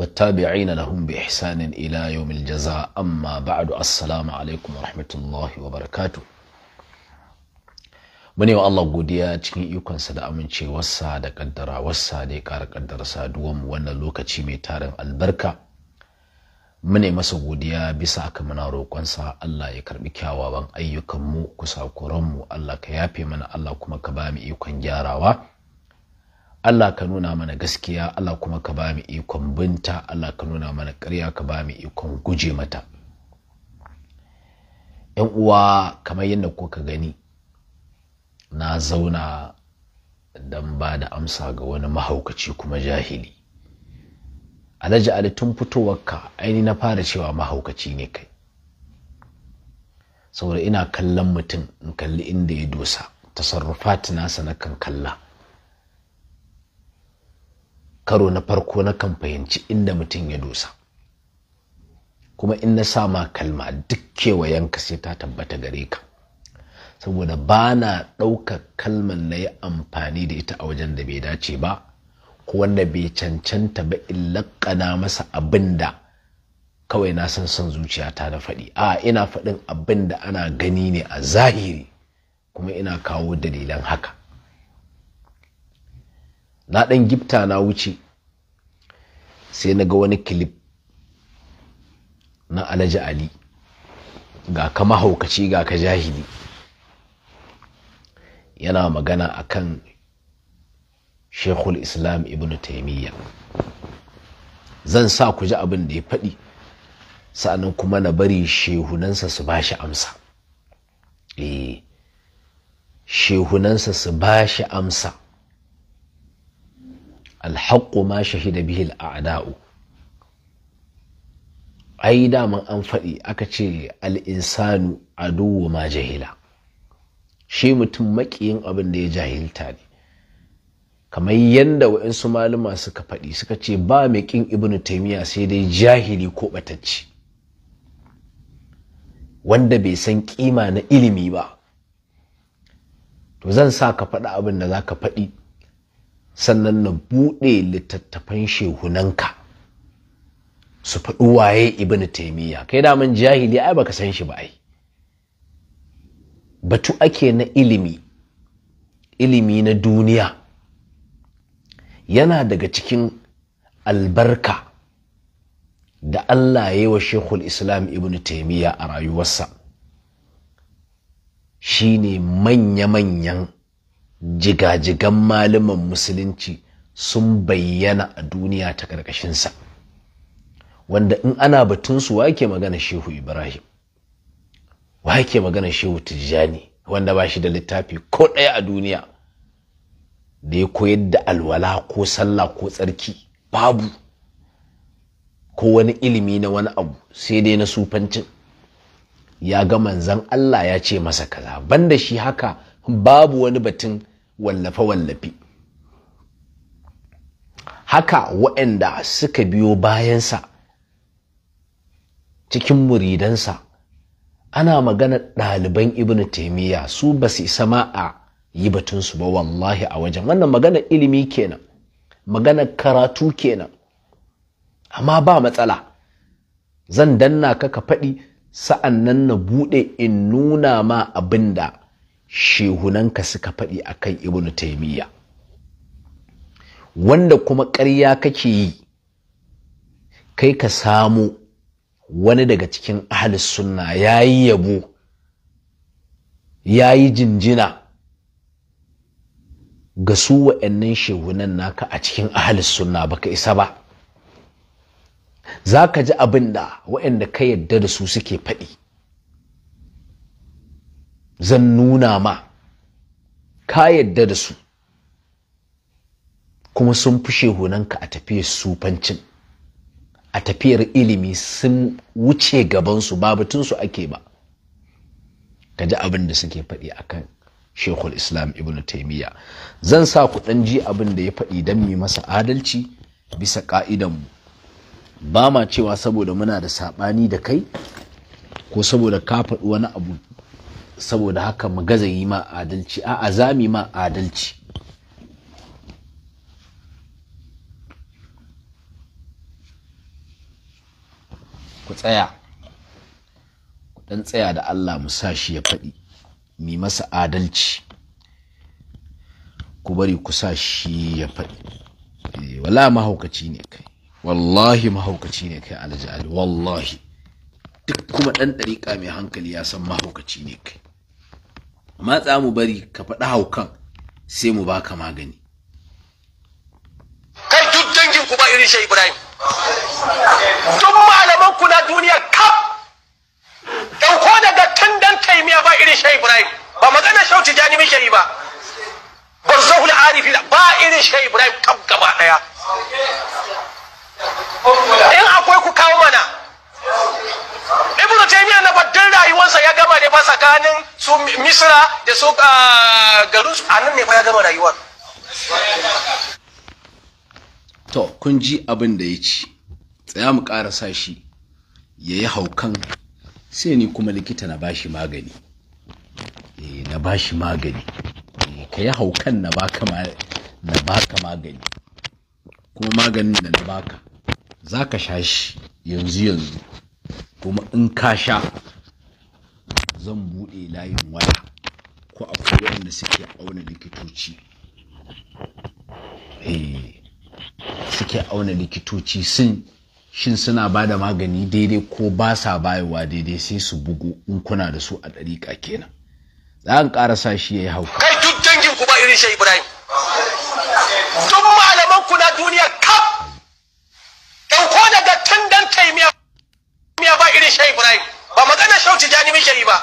والتابعين لهم بإحسان إلى يوم الجزاء أما بعد السلام عليكم ورحمة الله وبركاته mune wa Allah godiya cikin ikonsa da amincewarsa da kaddarawarsa da ya ƙara kaddara saduwanmu wannan lokaci mai tarin albarka mune masa godiya bisa ka muna roƙonsa Allah ya karɓi kyawawan ayyukanmu kusakuranmu Allah ka yafe mana Allah kuma ka ba mu ikon gyarawa Allah ka nuna mana gaskiya Allah kuma ka ba mu ikon binta Allah ka nuna mana ƙarya ka ba mu ikon guje mata ‘yan uwa kamar yadda kuka gani na zauna don ba da amsa ga wani mahaukaci kuma jahili alhaji ali tun fitowarka aini na fara cewa mahaukaci ne kai saboda ina kallon mutum in kalli inda ya dosa tasarrufat nasa na kan kalla karo na farko na kan fahimci inda mutum ya dosa kuma in na sa ma kalma duk kewayenka sai ta tabbata gare ka saboda ba na ɗaukar kalman na yi amfani da ita a wajen da bai dace ba ko wanda bai cancanta ba in laƙana masa abin da kawai na san son ta na faɗi a ina faɗin abin da ana gani ne a zahiri kuma ina kawo dalilan haka na ɗan gifta na wuce sai na ga wani kilif na alhaji ali ga ka mahaukaci ga ka jahili yana magana akan shekul islam ibn taimiyya zan sa ku ji abin da ya faɗi sanan kuma na bari shehunansa su ba shi amsa eh shehunansa su ba shi amsa alhaqqu ma shahida bihi al'ada'u ai daman an faɗi aka ce al'insanu aduwu ma jahila shi mutum maƙiyin abin da ya jahilta ne kamar yadda wa'insu malama suka faɗi suka ce ba mai ƙin ibnu taimiyya sai dai jahili ko ɓatacci wanda bai san ƙima na ilimi ba to zan sa ka faɗi abin da za ka faɗi sannan na buɗe littattafan shehunanka su faɗi waye ibn taimiyya kai da jahili ai baka san shi ba ai batu ake na ilimi ilimi na duniya yana daga cikin albarka da Allah ya yi wa Shekul Islam Ibn Taimiyya a rayuwarsa shi ne manya-manyan jigajigan malaman musulunci sun bayyana a duniya ta ƙarƙashinsa wanda in ana batunsu wake magana shehu ibrahim wake magana shehu tijjani wanda ba shi da littafi ko ɗaya a duniya da ya koyar da alwala ko sallah ko tsarki babu ko wani ilimi na wani abu sai dai na sufancin ya ga manzan Allah ya ce masa kaza banda shi haka babu wani batun wallafe-wallafe haka waɗanda suka biyo bayansa cikin muridansa ana magana ɗaliban ibn taimiyya su ba su isa ma a yi batunsu ba wallahi a wajen wannan magana ilimi kenan magana karatu kenan amma ba matsala zan danna ka ka faɗi sa'an nan na buɗe in nuna ma abin da shehunanka suka faɗi a kan ibnu taimiyya wanda kuma ƙarya kake yi kai ka samu wani daga cikin ahalis sunna ya yi yabo ya yi jinjina ga su wa'annan shehunan naka a cikin ahalis sunna ka isa ba za ka ji abin da wa'anda ka yadda da su suke faɗi zan nuna ma ka yadda da su kuma sun fi shehunanka a tafiyar sufancin a tafiyar ilimi sun wuce gabansu ba batunsu ake ba ka ji abin da suke faɗi a kan shekul islam ibn taimiyya zan sa kuɗin ji abin da ya faɗi don mai masa adalci bisa ƙa'idanmu ba ma cewa saboda muna da saɓani da kai ko saboda ka faɗi wani abu saboda haka mu gaza yi ma adalci a azami ma adalci ku tsaya ku dan tsaya da Allah mu sa shi ya faɗi mi masa adalci ku bari ku sa shi ya faɗi eh, wala mahaukaci ne kai wallahi mahaukaci ne kai alhaji ali wallahi duk kuma ɗan ɗariƙa mai hankali ya san mahaukaci ne kai amma za mu bari ka faɗi haukan sai mu baka magani kai duk dangin ku ba irin shi Ibrahim duk malaman ku na duniya kaf dauko daga tun dan taimiya ba irin shi Ibrahim ba magana shauti jani muke yi ba barzahul arifi ba irin shi Ibrahim kaf gaba daya in akwai ku kawo mana ibnu taymiya na baddin rayuwarsa ya gama ne fa tsakanin su misra da su ah, garin su anan ne fa ya gama rayuwar to kun ji abin da ya ci tsaya mu karasa shi ya yi haukan sai ni kuma likita na bashi magani eh, na bashi magani eh, ka yi haukan na baka magani kuma maganin da na baka za ka sha shi yanzu yanzu kuma in ka sha zan buɗe layin waya ko akwai wanda suke auna likitoci eh, suke auna likitoci sun shin suna ba da magani daidai ko ba sa bayowa daidai sai su bugu in kuna da su a ɗariƙa kenan za a ƙara shi ya yi hau kai duk dangin ku ba irin shi ibrahim duk malaman ku na duniya kaf ɗauko daga tun dan taimiya miya ba irin shai ibrahim ba magana Shauci tijani muke yi ba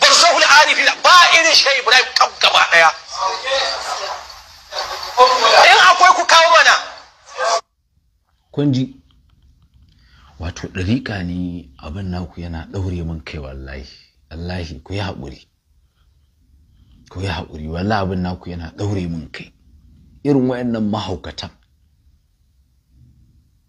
barzahu al-arifi ba irin shai ibrahim kan gaba daya in akwai ku kawo mana Kunji, wato dariƙa ne abin naku yana ɗaure min kai wallahi wallahi ku yi haƙuri ku yi haƙuri wallahi abin naku yana ɗaure min kai irin wayannan mahaukatan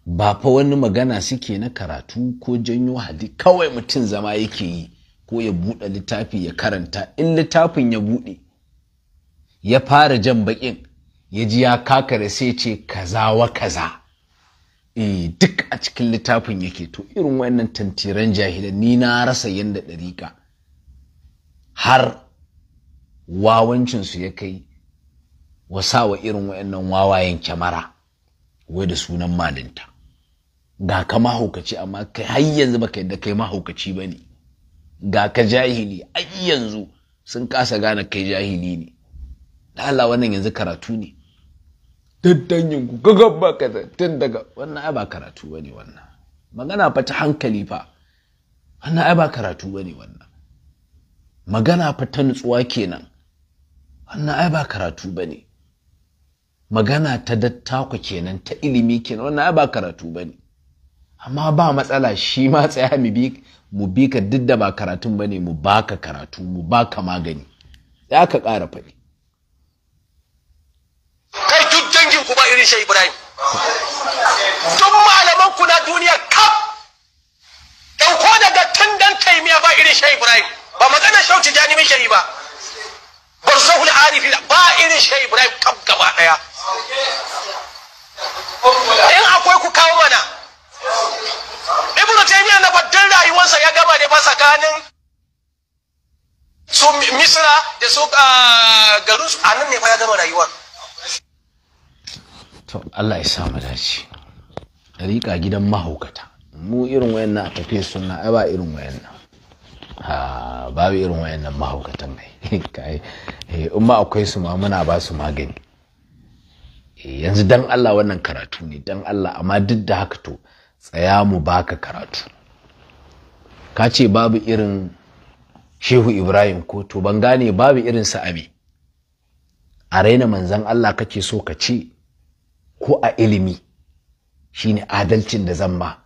ba fa wani magana suke na karatu ko janyo hadi kawai mutum zama yake yi ko ya buɗe littafi ya karanta in littafin ya buɗe ya fara jan baƙin ya ji ya kakare sai ce kaza wa kaza eh duk a cikin littafin yake to irin wannan tantiran jahilanni na rasa yanda ɗariƙa har wawancinsu ya kai wa wa irin wayannan wawayen kyamara wai da sunan malinta ga ka mahaukaci amma kai har yanzu baka yadda kai mahaukaci ba ne ga ka jahili ai yanzu sun kasa gane kai jahili ne Allah wannan yanzu karatu ne daddanyin ku gagab ba ka tun daga wannan ai ba karatu ba ne wannan magana fa ta hankali fa wannan ai ba karatu ba ne wannan magana fa ta nutsuwa kenan wannan ai ba karatu ba ne magana ta dattako kenan ta ilimi kenan wannan ai ba karatu ba ne amma ba matsala shi ma tsaya mu bi ka duk da ba karatun ba ne mu baka karatu mu baka magani ya ka ƙara faɗi kai duk dangin ku ba irin shi ibrahim duk malaman ku na duniya kaf ɗauko daga tun dan taimiya ba irin shi ibrahim ba maganar shauci jani min shi ba barzahul arifi ba irin shi ibrahim kaf gaba ɗaya in akwai ku kawo mana ibnu taymiya na faddin rayuwarsa ya gama da ba tsakanin su misra da su ah, garin su anan ne fa ya gama rayuwar to Allah ya sa mu dace rika gidan mahaukata mu irin wayannan a tafiye suna ai ba irin wayannan ha babu irin wayannan mahaukatan mai kai eh, in ma akwai su ma muna ba su magani eh, yanzu dan Allah wannan karatu ne dan Allah amma duk da haka to tsaya mu baka karatu ka ce babu irin shehu ibrahim ko to ban gane babu irin sa'abi a raina manzan allah kake so ka ce ko a ilimi shine adalcin da zan ba.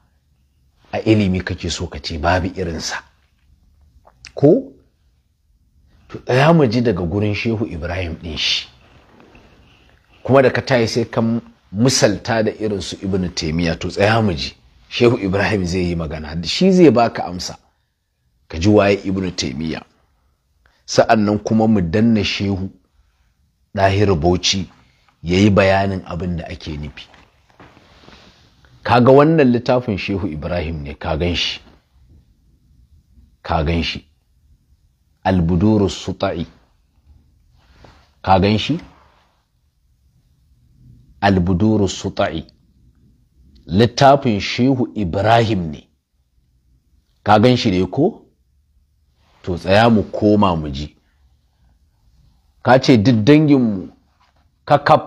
a ilimi kake so ka ce babu irinsa ko to tsaya mu ji daga gurin shehu ibrahim ɗin shi kuma da ka tayi sai ka misalta da irinsu ibnu taimiyya to tsaya mu ji shehu ibrahim zai yi magana shi zai baka amsa ka ji waye ibnu taimiyya sa'an nan kuma mu danna shehu ɗahir bauchi ya yi bayanin abin da ake nufi kaga wannan littafin shehu ibrahim ne ka gan shi ka gan shi albudurus suta'i ka gan shi albudurus suta'i littafin shehu ibrahim ne ka gan shi ne ko to tsaya mu koma mu ji ka ce duk danginmu kakaf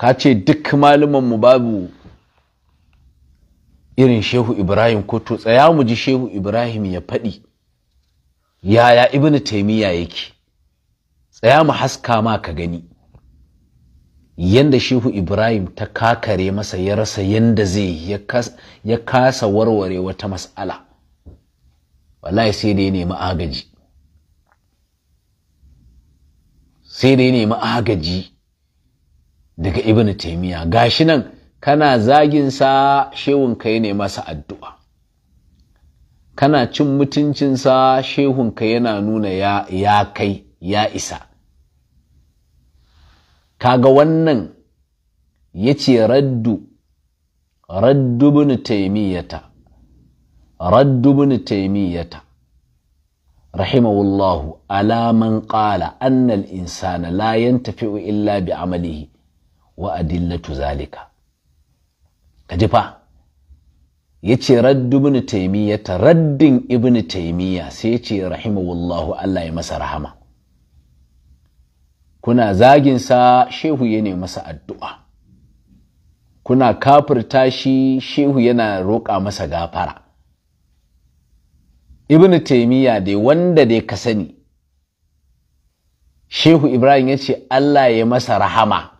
ka ce duk malumanmu babu irin shehu ibrahim ko to tsaya mu ji shehu ibrahim ya faɗi yaya ibnu taimiyya yake tsaya mu haska ma ka gani yanda shehu ibrahim ta kakare masa ya rasa yanda zai ya kasa warware wata mas'ala wallahi sai da nemi agaji sai da ya nemi agaji daga ibn taimiya gashi nan kana zaginsa shehunka ya nema masa addu'a kana cin mutuncinsa shehunka yana nuna ya kai ya isa kaga wannan ya ce raddu raddu bin taimiyyata raddu taimiyyata rahimahullahu alaman ƙala annal insana la tafi'u illa bi amalihi wa adillatu zalika ji fa ya ce raddu taimiyyata raddin ibn taimiyya sai ya ce rahimahullahu Allah ya masa rahama kuna zaginsa shehu ya ne masa addu'a kuna kafirta shi shehu yana roƙa masa gafara ibn taimiyya dai wanda dai ka sani shehu ibrahim ya ce allah ya masa rahama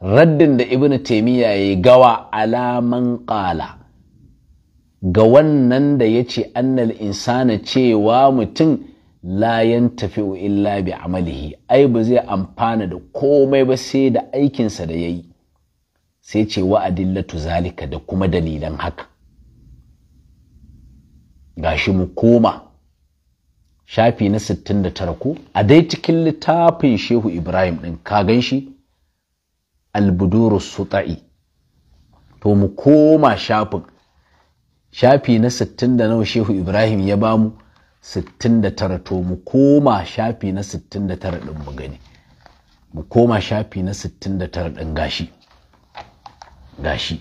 raddin da ibn taimiyya ya gawa alaman ƙala ga wannan da ya ce annal insana cewa mutum layan tafi'u illa bi amalihi ai ba zai amfana da komai ba sai da aikinsa da ya yi sai ce wa'adillatu zalika da kuma dalilan haka gashi mu koma shafi na 69 ko a dai cikin littafin shehu ibrahim ɗin ka gan shi albudurus suta'i to mu koma shafin shafi na 69 nawa shehu ibrahim ya bamu 69 to mu koma shafi na 69 din mu gani mu koma shafi na 69 din gashi gashi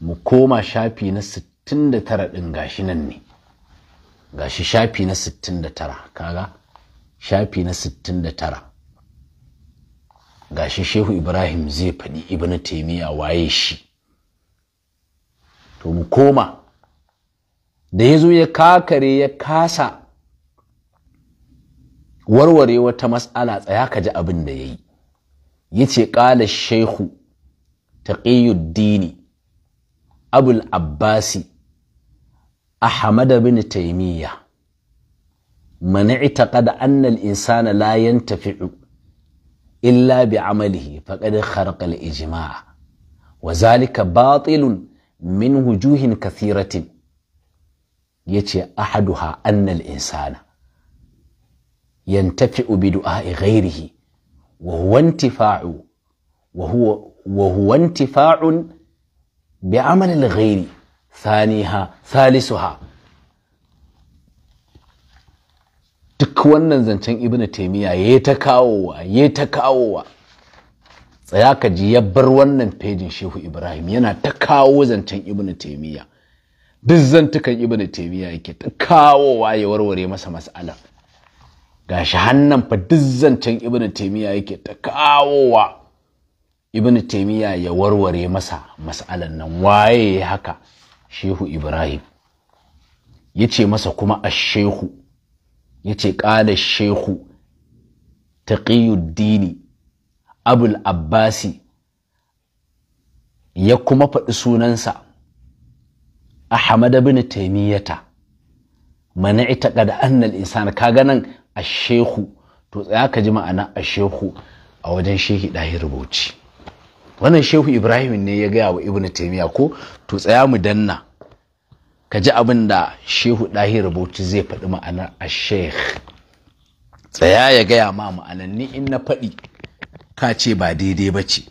mu koma shafi na 69 din gashi nan ne gashi shafi na 69 kaga shafi na 69 gashi shehu ibrahim zai faɗi ibnu taimiyya waye shi to mu koma da ya zo ya kakare ya kasa warware wata matsala tsaya ka ji abin da ya yi ya ce ƙala shehu taƙiyuddini abul abbasi ahmad bin taimiyya man annal anna al-insana layan yantafi'u illa bi amalihi faƙad al ijima'a. wa zalika batilun min wujuhin kathiratin ya ce ahaduha annal insana yantafi'u bi du'a'i ghairihi wa huwa intifa'u wa huwa wa huwa intifa'un bi amali al-ghairi thaniha thalisuha duk wannan zancen ibnu taymiya ya ta kawowa ya ta kawowa tsaya ka ji ya bar wannan fejin shehu ibrahim yana ta kawo zancen ibnu taymiya duk zantukan ibnu taymiya yake ta kawowa ya warware masa mas'ala gashi hannan fa duk zancen ibnu taymiya yake ta kawowa Ibn taymiya ya warware masa mas'alan nan waye ya haka shehu ibrahim yace masa kuma ash-shehu yace qala ash-shehu taqiyuddini abul abbasi ya kuma faɗi sunansa ahmad ibn taymiyata mana ita kada isan ka kaga nan ashehu to tsaya ka ji ma'ana a shehu a wajen shehi ɗahi rubuci wannan shehu ibrahim ne ya gaya wa ibn taimiya ko to tsaya mu danna ka ji abin da shehu ɗahi rubuci zai faɗi ma'anar ashekh tsaya ya gaya ma ma'ananni in na faɗi ka ce ba daidai ba ce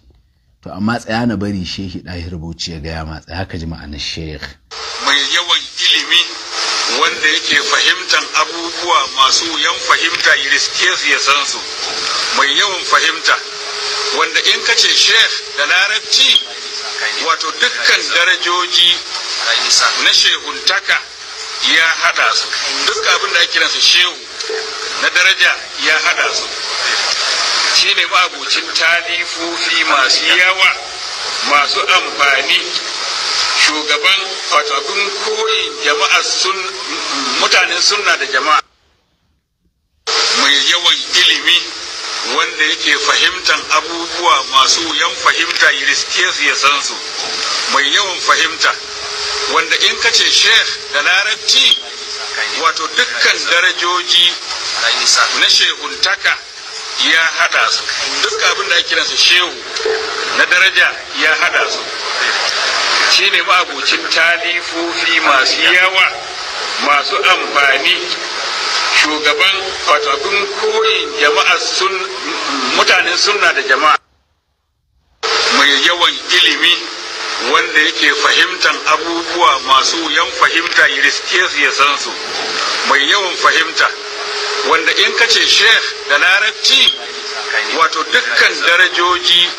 to amma tsaya na bari shehi ɗahir bauchi ya gaya ma tsaya ka ji ma'anar sheikh mai yawan ilimi wanda yake fahimtar abubuwa masu yan fahimta ya riske su ya san su mai yawan fahimta wanda in ka ce sheikh da larabci wato dukkan darajoji na shehuntaka ya hada su duk abin da ake kiransa shehu na daraja ya hada su shi ne mabocin tarifofi masu yawa masu amfani shugaban fatabin koyi jama'a sun mutanen sunna da jama'a mai yawan ilimi wanda yake fahimtan abubuwa masu yan fahimta yi riske su ya san su mai yawan fahimta wanda in ka ce sheikh da larabci wato dukkan darajoji na shehuntaka ya hada su duk abin da ake kiransa shehu na daraja ya hada su shi ne ma'abucin talifofi masu yawa masu amfani shugaban wato abin koyin sun mutanen sunna da jama'a mai yawan ilimi wanda yake fahimtan abubuwa masu yan fahimta ya riske su ya san su mai yawan fahimta wanda in ka ce shef da larabci wato dukkan darajoji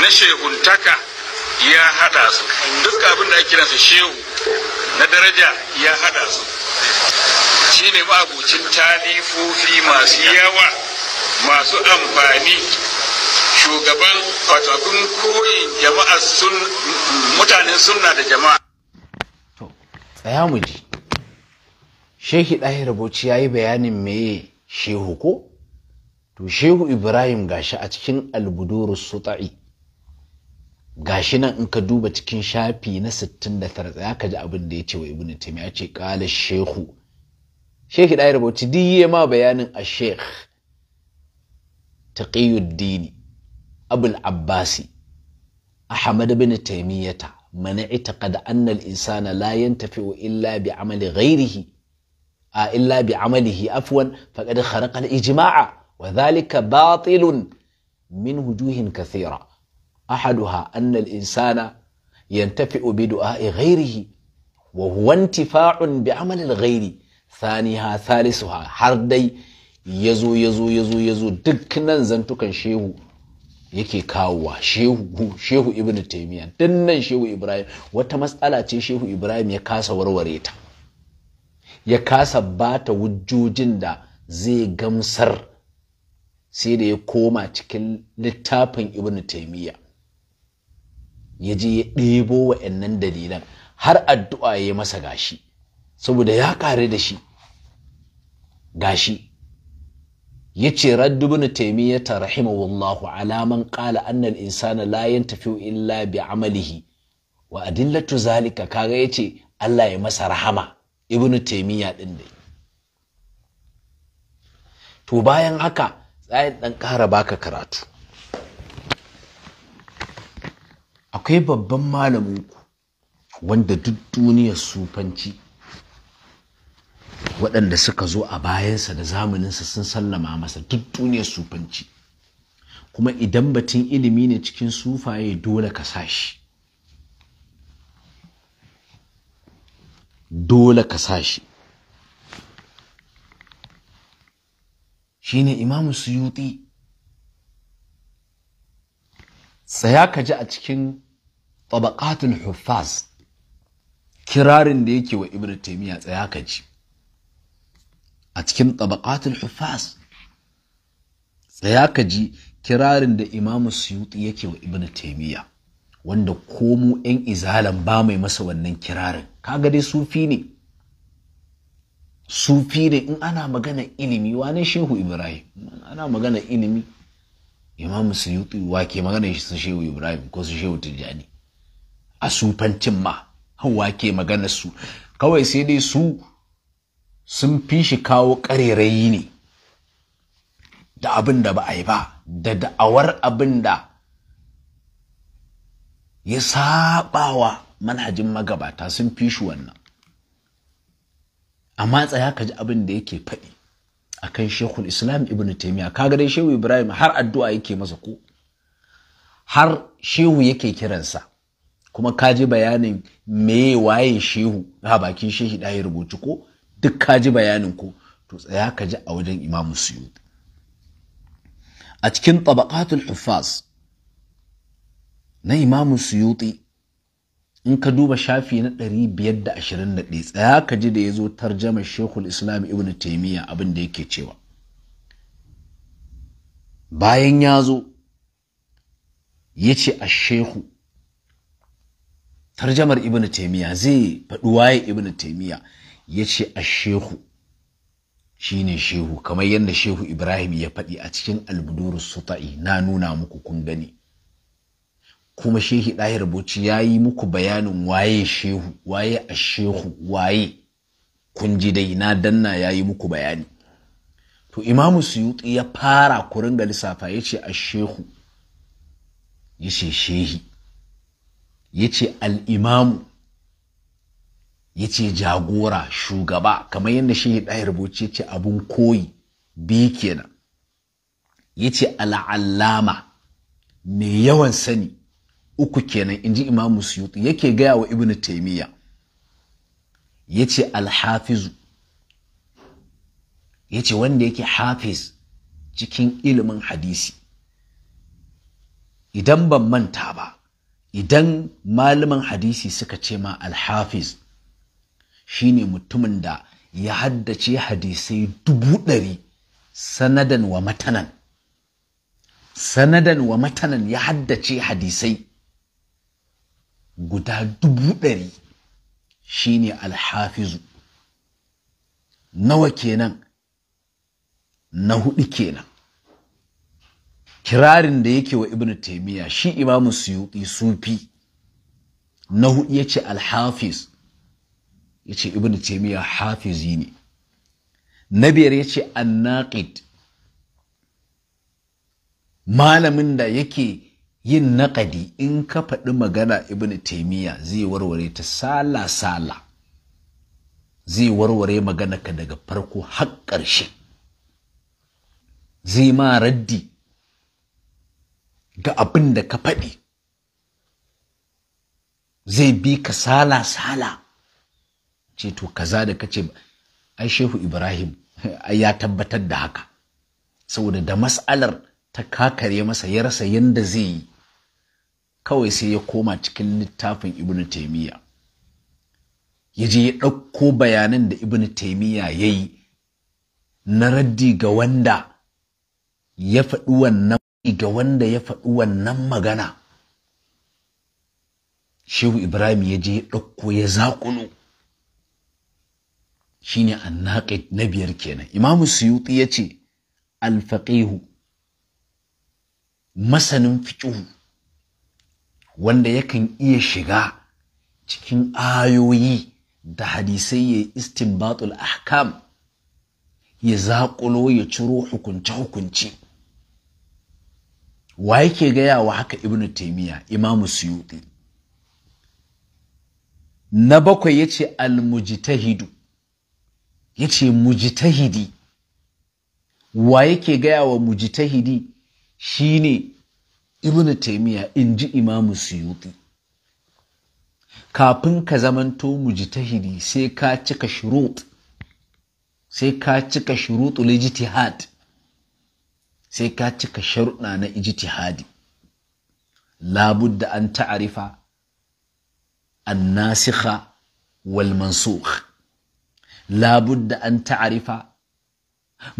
na shehuntaka ya hada su duk abin da ake kiransa shehu na daraja ya hada su shi ne mabucin talifofi masu yawa masu amfani shugaban wato abin koyin jama'a sun mutanen sunna da jama'a to tsaya ji shehi ɗahir bauchi ya yi bayanin meye shehu ko to shehu ibrahim gashi a cikin albuduru suta'i gashi nan in ka duba cikin shafi na 69 za ka ji abin da ya ce wa ibn taymiya ce qala shehu shehi ɗahir bauchi duk ma bayanin a sheikh taqiyuddini abul abbasi ahmad bin taymiyata man i'taqada anna al-insana la yantafi'u illa bi amali ghairihi a illa bi amalihi afwan faqad kharaqa al-ijma'a wa dhalika batilun min wujuhin kathira ahaduha anna al-insana yantafi'u bi du'a'i ghayrihi wa huwa intifa'un bi amali Sani ha Salisu ha har dai yazo yazo yazo yazo dukkan zantukan shehu yake kawowa shehu shehu ibnu taymiya dinnan shehu ibrahim wata matsala ce shehu ibrahim ya kasa warware ta ya kasa bata wujjojin da zai gamsar sai da ya koma cikin littafin ibn taimiyya ya je ya ɗebo wa'annan dalilan har addu'a ya masa gashi saboda ya kare da shi gashi ya ce raddubin taimiyyata rahimahullahu alaman ƙala annan insana layan tafi illa bi amalihi wa adillatu zalika kaga ya ce Allah ya masa rahama ibnu taimiyya ɗin dai to bayan haka tsayin ɗan ƙara baka karatu akwai babban malaminku wanda duk duniyar sufanci waɗanda suka zo a bayansa da zamaninsa sun sallama masa duk duniyar sufanci kuma idan batun ilimi ne cikin sufaye dole ka sa shi dole ka sa shi shine imamu suyuti tsaya ka ji a cikin tabaqatul huffaz kirarin da yake wa Ibn taymiya tsaya ka ji a cikin tabaqatul huffaz tsaya ka ji kirarin da imamu suyuti yake wa Ibn taymiya wanda ko mu 'yan izalan ba mai masa wannan kirarin kaga dai sufi ne sufi ne in ana magana ilimi ne shehu ibrahim ana magana ilimi imam suyuti wa ke magana shi su shehu ibrahim ko su shehu tijjani a sufancin ma wa ke magana su kawai sai dai su sun fi shi kawo ƙarerayi ne da abin da ba a yi ba da da'awar abin da ya saɓawa manhajin magabata sun fi shi wannan amma tsaya ka ji abin da yake faɗi akan shekul islam ibn taimiyya kaga dai shehu ibrahim har addu'a yake masa ko har shehu yake kiransa kuma ka ji bayanin me waye shehu a bakin shehi ɗaya rubutu ko duk ka ji bayanin ko to tsaya ka ji a wajen imamu suyuti a cikin tabaqatul huffaz na imamu suyuti in ka duba shafi na 521 tsaya ka ji da ya zo tarjamar shekul islam ibn taimiyya abin da yake cewa bayan ya zo ya ce a shehu tarjamar ibn taimiyya zai faɗi waye ibn taimiyya ya ce a shehu shi ne shehu kamar yadda shehu ibrahim ya faɗi a cikin albudurus suta'i na nuna muku kun gani kuma shehi ɗahir bauchi ya yi muku bayanin waye shehu waye a shehu waye kun ji dai na danna ya yi muku bayani to imamu suyuti ya fara kurin ga lissafa ya ce a shehu ya ce shehi ya ce al'imamu ya ce jagora shugaba kamar yadda shehi ɗahir bauchi ya ce abun koyi biyu kenan ya ce al'allama mai yawan sani uku kenan in ji imamu suyuti yake gaya wa Ibn taimiyya ya ce alhafizu ya ce wanda yake hafiz cikin ilimin hadisi idan ban manta ba idan malaman hadisi suka ce ma alhafiz shine mutumin da ya haddace hadisai dubu ɗari sanadan wa matanan sanadan wa matanan ya haddace hadisai guda dubu ɗari shine alhafizu nawa kenan na hudu kenan kirarin da yake wa ibn taimiyya shi imamu suyuti sufi na hudu ya ce alhafiz ya ce ibn taimiyya hafizi ne na biyar ya ce malamin da yake yin naƙadi in ka faɗi magana ibn taimiyya zai warware ta sala-sala zai warware magana ka daga farko har ƙarshe zai ma raddi ga abin da ka faɗi zai bi ka sala-sala ce to kaza da ka ce ai shehu ibrahim ai ya tabbatar da haka saboda da mas'alar ta kakare masa ya rasa yadda zai yi kawai sai ya koma cikin littafin ibn taimiyya ya je ya ɗauko bayanan da ibn taimiyya ya yi na raddi ga wanda ya faɗi wannan magana shehu ibrahim ya je ya ɗauko ya zaƙulu shine annaƙid na biyar kenan imamu suyuti ya ce alfaƙihu masanin fiƙihu wanda yakan iya shiga cikin ayoyi da hadisai ya istinbatul ahkam ya zaƙulo ya ciro hukunce-hukunce wa yake gaya wa haka ibnu taimiyya imamu suyuti na bakwai ya ce almujitahidu ya ce mujitahidi wa yake gaya wa mujitahidi shine ibn taimiya in ji imamu suyuti kafin ka zamanto mujtahidi sai ka cika shurut sai ka cika shurutul ijtihad sai ka cika sharuɗa na ijtihadi labudda an ta'arifa annasikha wal mansukh labudda an ta'arifa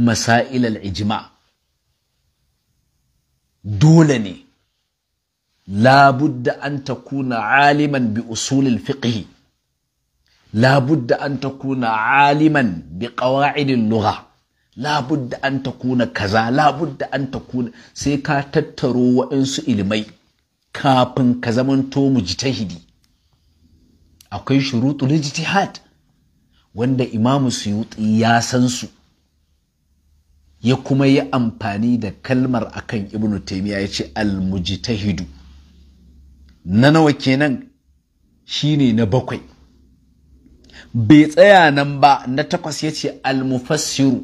masail al ijma dole ne labudda an takuna aliman bi usulil fiqhi labudda an takuna aliman bi qawa'idil lugha labudda an takuna kaza labudda an takuna sai ka tattaro waɗansu ilimai. kafin ka zamanto mujtahidi akwai shurutul ijtihad wanda imamu suyuti ya san su ya kuma yi amfani da kalmar akan ibnu taymiya ya ce al mujtahidu na nawa kenan shine na bakwai bai tsaya nan ba na takwas ya ce almufassiru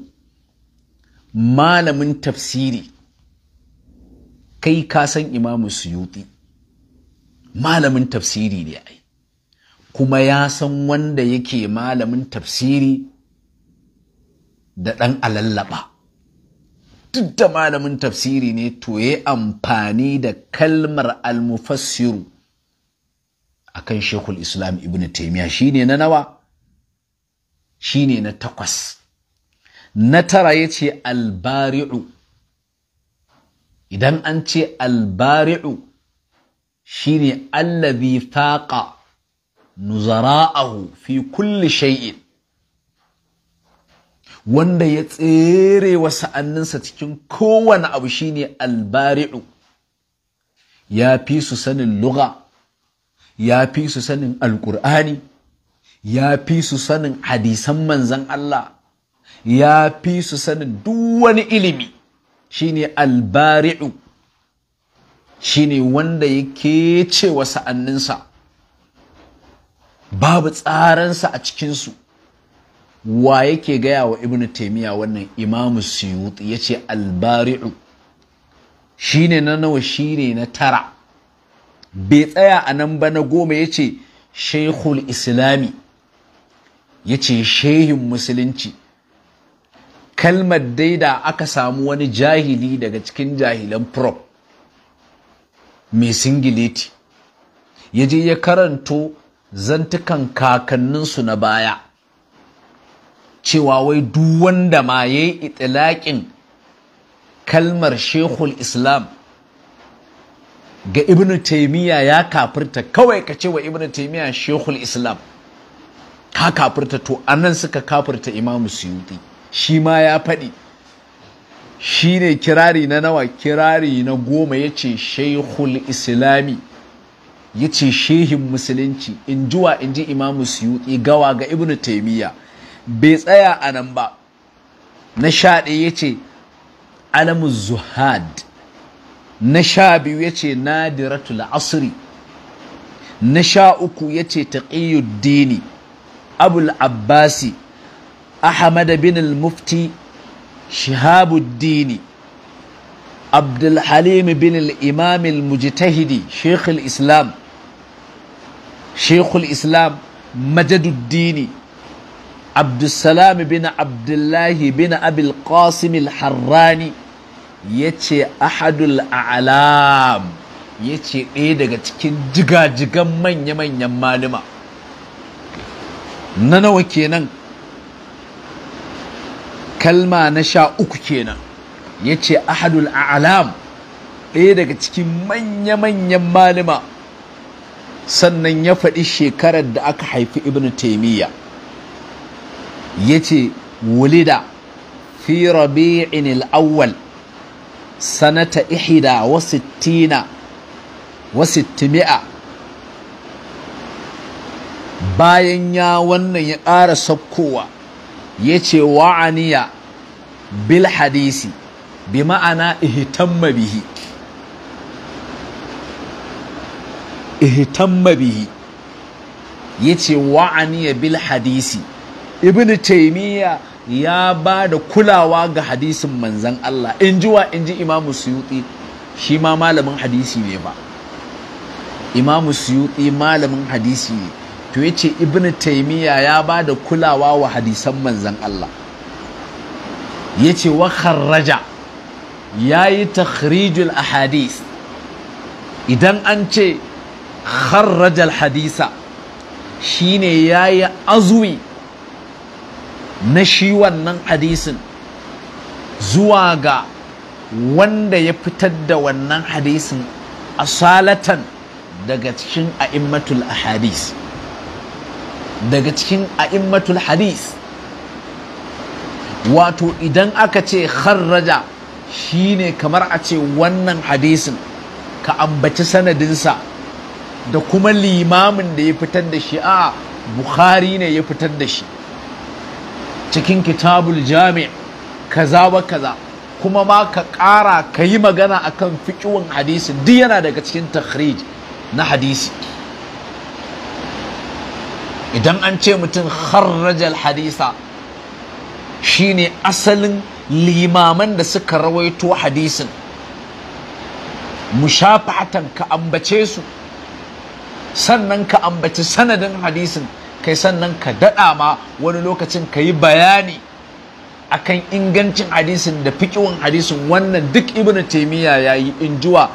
malamin tafsiri kai ka san imamu suyuti malamin tafsiri ne ai kuma ya san wanda yake malamin tafsiri da ɗan alallaba duk da malamin tafsiri ne to ya amfani da kalmar almufassiru a kan shekul islam ibn taimiya ne na nawa ne na takwas na tara ya ce albari'u idan an ce albari'u shine allazi faqa nuzara'ahu fi kulli shay'in wanda ya tsere wa sa'anninsa cikin kowane abu shine albari'u ya fi su sanin lugha ya fi su sanin alkur'ani ya fi su sanin hadisan manzan Allah ya fi su sanin duk wani ilimi shine albari'u shine wanda ya kece wa sa'anninsa babu tsaransa a cikinsu wa yake gaya wa ibnu taimiyya wannan imamu suyuti ya ce albari'u shi ne na nawa shi ne na tara bai tsaya a nan ba na goma ya ce shaikhul islami ya ce shehin musulunci kalmar dai-da aka samu wani jahili daga cikin jahilan prop mai singileti ya je ya karanto zantukan kakanninsu na baya cewa wai duk wanda ma ya yi itilaƙin kalmar shekul islam ga ibn taimiyya ya kafirta kawai ka ce wa ibn taimiyya shekul islam ka kafirta to anan suka kafirta imamu suyuti shi ma ya faɗi shi ne kirari na nawa kirari na goma ya ce shekul islami ya ce shehin musulunci in ji wa in ji imamu suyuti gawa ga ibn taimiyya bai tsaya a nan ba na sha ɗaya ya ce zuhad na sha biyu ya ce nadiratul asri na sha uku ya ce taqiyuddini abul abbasi ahmad bin al-mufti shihabuddini abdulhalim bin al-imam al-mujtahidi shekul islam islam majaduddini abdulsalam bin abdullahi bin abil qasim al-harrani ya ce ahadul a'lam ya ce ɗaya daga cikin jigajigan manya-manyan malima na nawa kenan kalma na sha uku kenan ya ce ahadul a'lam ɗaya daga cikin manya-manyan malima sannan ya faɗi shekarar da aka haifi ibn taimiyya yace wulida fi rabi'in al-awwal sanata ihda wa sittina wa bayan ya wannan ya ƙara sakkowa yace ce wa'aniya bil hadisi bi ma'ana ihtamma bihi ihtamma bihi ya ce wa'aniya bil hadisi ibn taimiyya ya ba da kulawa ga hadisin manzan Allah in ji wa in ji imamu suyuti shi ma malamin hadisi ne ba imamu suyuti malamin hadisi ne to ya ce ibn taimiyya ya ba da kulawa wa hadisan manzan Allah ya ce wa kharraja ya yi takhrijul ahadis idan an ce kharrajal hadisa shine ya yi azumi na shi wannan hadisin zuwa ga wanda ya fitar da wannan hadisin asalatan daga cikin a'immatul ahadis daga cikin a'immatul hadis wato idan aka ce kharraja shine kamar a ce wannan hadisin ka ambaci sanadinsa da kuma limamin da ya fitar da shi a bukhari ne ya fitar da shi cikin kitabul jami kaza wa kaza kuma ma ka ƙara ka yi magana akan fiƙiwin hadisi duk yana daga cikin takhrij na hadisi idan an ce mutum kharrajal hadisa shine asalin limaman da suka rawaito hadisin mushafatan ka ambace su sannan ka ambaci sanadin hadisin kai sannan ka daɗa ma wani lokacin ka yi bayani a kan ingancin hadisin da fikiwan hadisin wannan duk Ibn taimiyya ya yi in juwa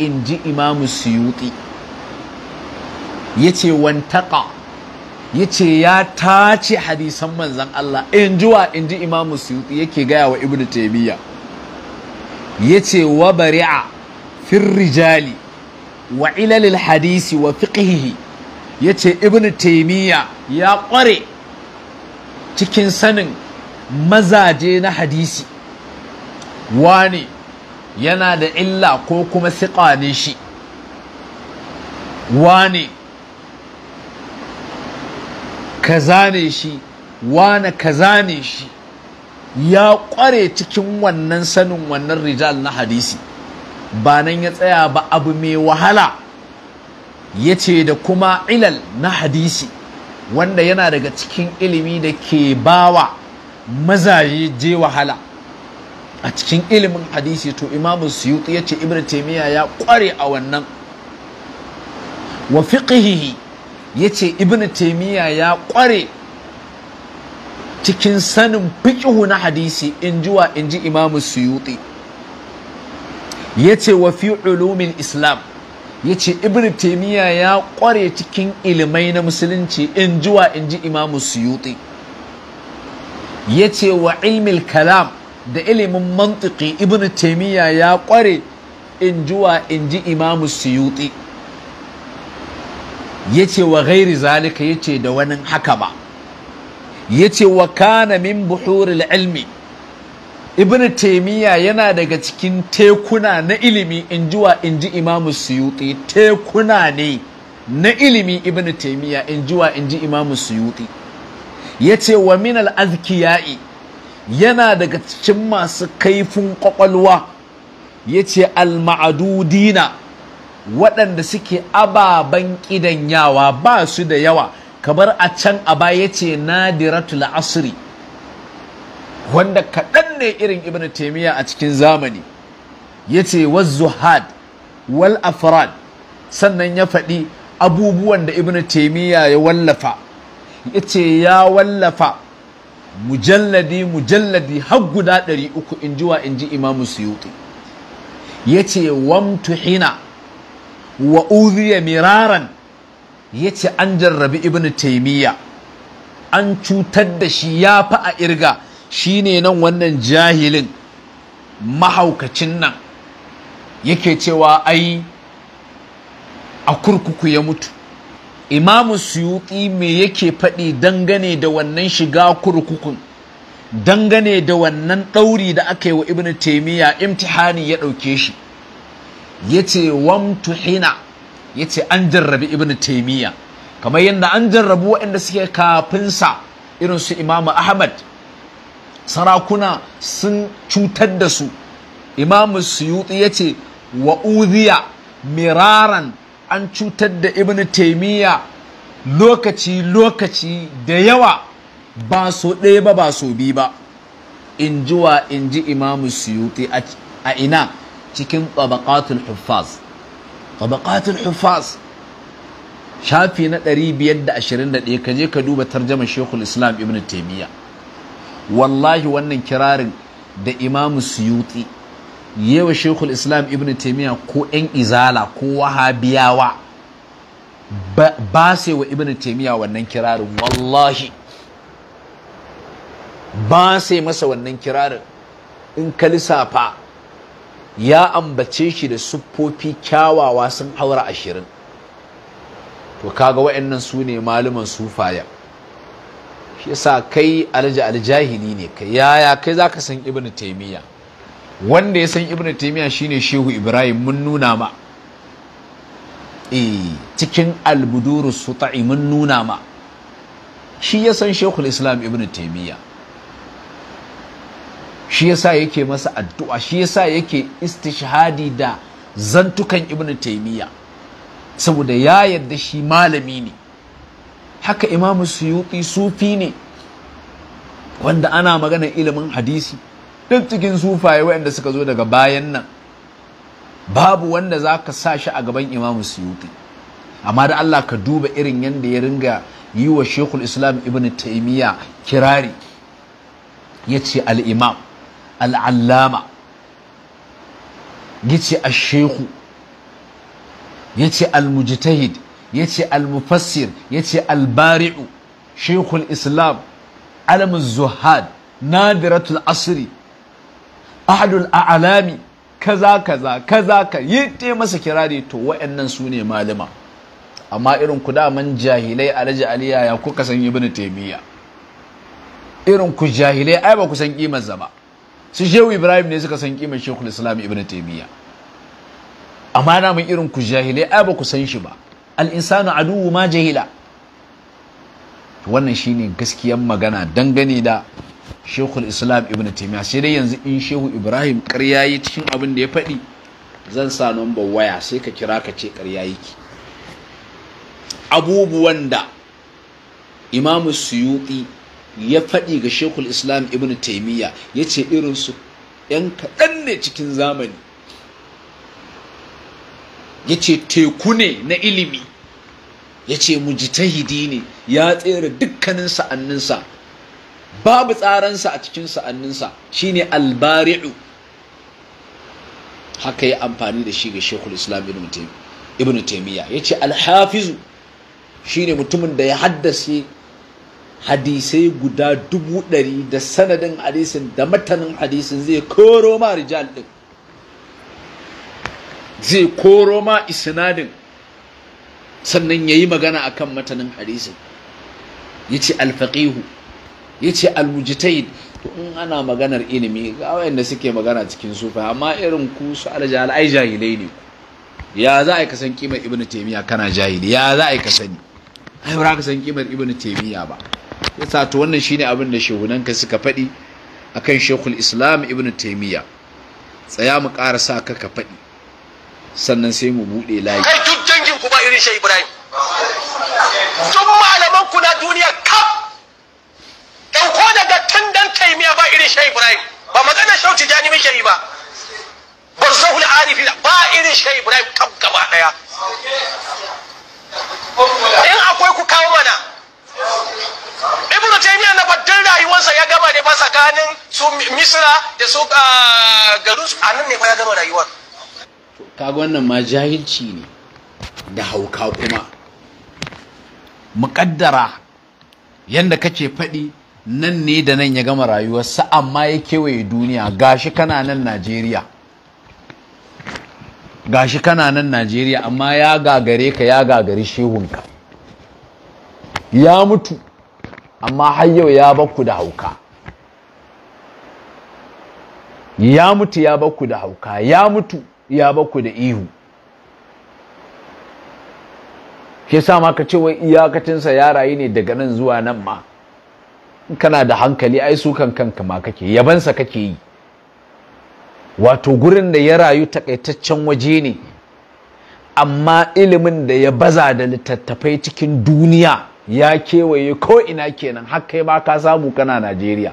in ji imamu suyuti ya ce wantaƙa. ya ce ya tace hadisan manzan Allah in juwa in ji imamu suyuti yake gaya wa ibnu taimiyya ya ce wa bari'a firrijali wa ilalil hadisi wa fiƙihihi ya ce ibn taimiyya ya ƙware cikin sanin mazaje na hadisi wane yana da illa ko kuma siƙa ne shi wane kaza ne shi Wani ka zane shi ya ƙware cikin wannan sanin wannan rijal na hadisi ba nan ya tsaya ba abu mai wahala ya ce da kuma ilal na hadisi wanda yana daga cikin ilimi da ke bawa mazaje je wahala a cikin ilimin hadisi to imamu suyuti ya ce ibn taimiyya ya kware a wannan wa fiqihihi ya ce ibn taimiyya ya kware cikin sanin fiƙihu na hadisi in ji wa in ji imamu suyuti ya ce wa fi ulumin islam ya ce ibn taimiyya ya ƙware cikin ilimai na musulunci in jiwa in ji imamu suyuti ya ce wa ilmil kalam da ilimin mantiki ibn taimiyya ya ƙware in jiwa in ji imamu suyuti ya ce wa gairi zalika ya ce da wani haka ba ya ce wa kana min buhuril ilmi ibn taimiyya yana daga cikin tekuna na ilimi in ji wa in ji imamu suyuti tekuna ne na ilimi ibn taimiyya in ji wa in ji imamu suyuti ya ce wa minal azkiya'i yana daga cikin masu kaifin kwakwalwa ya ce maadudina waɗanda suke ababen ƙidanyawa ba su da yawa kamar a can a ya ce nadiratul asri wanda kaɗan ne irin ibn taimiyya a cikin zamani ya ce zuhad wal afrad sannan ya faɗi abubuwan da ibn taimiyya ya wallafa ya ce ya wallafa mujalladi mujalladi har guda ɗari uku in ji wa in ji imamu suyuti ya ce wamtuhina wa uziya miraran ya ce an jarrabi ibn taimiyya an cutar da shi ya fa a irga Shi ne nan wannan jahilin mahaukacin nan yake cewa ai a kurkuku ya mutu imamu suyuki me yake faɗi dangane da wannan shiga kurkukun dangane da wannan ɗauri da aka yi wa ibn taimiyya imtihani ya ɗauke shi ya ce wamtuhina ya ce an jarrabi ibn taimiyya kamar yadda an jarrabu waɗanda suke kafinsa irin su imamu ahmad sarakuna sun cutar da su imamu suyuti ya ce wa uziya miraran an cutar da ibn taimiyya lokaci-lokaci da yawa ba so ɗaya ba ba so bi ba in ji wa in ji imamu suyuti a ina cikin tabaqatul huffaz tabaqatul huffaz shafi na 521 ka je ka duba tarjama shekul islam ibn taimiyya wallahi wannan kirarin da imamu suyuti yawa shekul islam ibn taimiyya ko 'yan izala ko wahabiyawa ba sai wa ibn taimiyya wannan kirarin wallahi ba sai masa wannan kirarin in ka lissafa ya ambace shi da siffofi kyawawa sun haura ashirin to kaga wa'annan su ne maluman sufaya yasa kai alja aljahili ne kai yaya kai zaka san Ibn taimiyya wanda ya san ibnu shine shehu ibrahim mun nuna ma e cikin albudurus suta'i mun nuna ma shi ya san shehu islam Ibn taimiyya shi yasa yake masa addu'a shi yasa yake istishhadi da zantukan Ibn taimiyya saboda ya yarda shi malami ne haka imamu suyuti sufi ne wanda ana magana ilimin hadisi duk cikin sufaye waɗanda suka zo daga bayan nan babu wanda za ka sa shi a gaban imamu suyuti amma da Allah ka duba irin yadda ya ringa yi wa shekul islam ibn ta'imiya kirari ya ce al'imam al'allama ya ce al-shehu ya ce al-mujtahid yace al-mufassir yace al-bari'u shaykhul islam alam zuhad nadiratul asri ahadul a'lami kaza kaza kaza ka yi masa kirari to wa'annan su ne malama amma irin ku da man jahilai alhaji aliya ya kuka san ibnu taymiya irin ku jahilai ai ba ku san kimar ba su shehu ibrahim ne suka san kimar shekul islam ibnu taymiya amma na mun irin ku jahilai ai ba ku san shi ba al'insanu عدو ma jahila wannan shine gaskiyar magana dangane da Sheikhul islam ibn taimiyya sai dai yanzu in shehu ibrahim karya yi cikin abin da ya faɗi zan sa nomba waya sai ka kira ka ce karya yake abubuwan da Imam suyuti ya faɗi ga Sheikhul islam ibn taimiyya ya ce irinsu 'yan kaɗan ne cikin zamani yace teku ne na ilimi ya ce mujtahidi ne ya tsere dukkanin sa'anninsa babu tsaransa a cikin sa'anninsa shine albari'u haka ya amfani da shi ga shekul islam ibn taimiyya ya ce alhafizu shine mutumin da ya haddasa hadisai guda dubu ɗari da sanadin hadisin da matanin hadisin zai koro ma rijal ɗin zai koro ma isnadin sannan yayi magana akan matanin hadisin yace al-faqihu yace al-mujtahid to in ana maganar ilimi ga wayanda suke magana cikin sufa amma irin ku su al ai jahilai ne ya za a yi kasan kimar ibnu taymiya kana jahili ya za a yi kasani ai ba ka san kimar ibnu taymiya ba yasa to wannan shine abin da shehunanka suka faɗi akan shekul islam ibnu taymiya tsaya mu ƙara sa ka ka faɗi sannan sai mu buɗe layi kai duk dangin ku ba irin shi ibrahim duk malaman ku na duniya kaf ko daga tun dan taimiya ba irin shi ibrahim ba magana shauci jani muke yi ba barzahul arifi ba irin shi ibrahim kaf gaba daya in akwai ku kawo mana ibnu taymiya na baddin rayuwarsa ya gama ne ba tsakanin su misra da su ah, garin a nan ne fa ya gama rayuwar kaga wannan ma jahilci ne da hauka kuma muƙaddara yadda kake faɗi nan ne da nan ya gama rayuwarsa amma ya kewaye duniya gashi kana nan najeriya gashi kana nan najeriya amma ya gagare ka ya gagari shehunka ya mutu amma har yau ya bakku da hauka ya mutu ya bakku da hauka ya mutu ya baku da ihu ke sa ma ka ce wai iyakacinsa ya rayu ne daga nan zuwa nan ma kana da hankali ai su kan kanka ma kake yabansa kake yi wato gurin da ya rayu takaitaccen waje ne amma ilimin da ya baza da littattafai cikin duniya ya kewaye ko ina kenan har kai ma ka samu kana Najeriya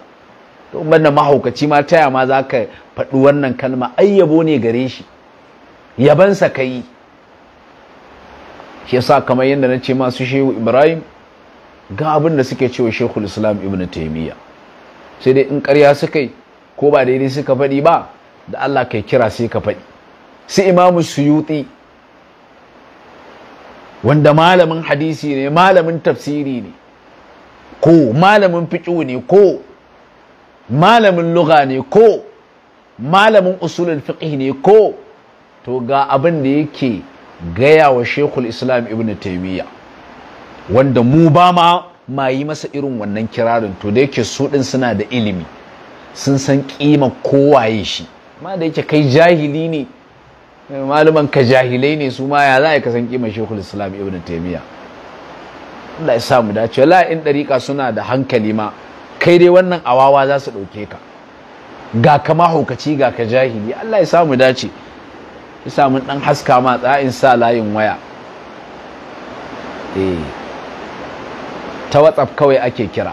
to banda mahaukaci ma taya ma zaka faɗi wannan kalma ayyabo ne gare shi yabansa ka yi shi sa kamar yadda na ce masu shehu ibrahim ga abin da suke cewa Shehu islam ibn taimiyya sai dai in karya suka yi ko ba daidai suka faɗi ba da allah kai kira sai ka faɗi su imamu suyuti wanda malamin hadisi ne malamin tafsiri ne ko malamin fiƙo ne ko malamin lugha ne ko malamin usulul fiqh ne ko to ga abin da yake gaya wa shekul islam ibn taimiyya wanda mu ba ma ma yi masa irin wannan kirarin to da yake su ɗin suna da ilimi sun san ƙima kowaye shi ma da yake kai jahili ne maluman ka jahilai ne su ma ya za a kasan ƙima shekul islam ibn taimiyya Allah ya samu dace wala in ɗariƙa suna da hankali ma kai dai wannan awawa za su ɗauke ka ga ka mahaukaci ga ka jahili Allah ya samu dace isa mun dan haska ma tsa'in sa layin waya eh ta whatsapp kawai ake kira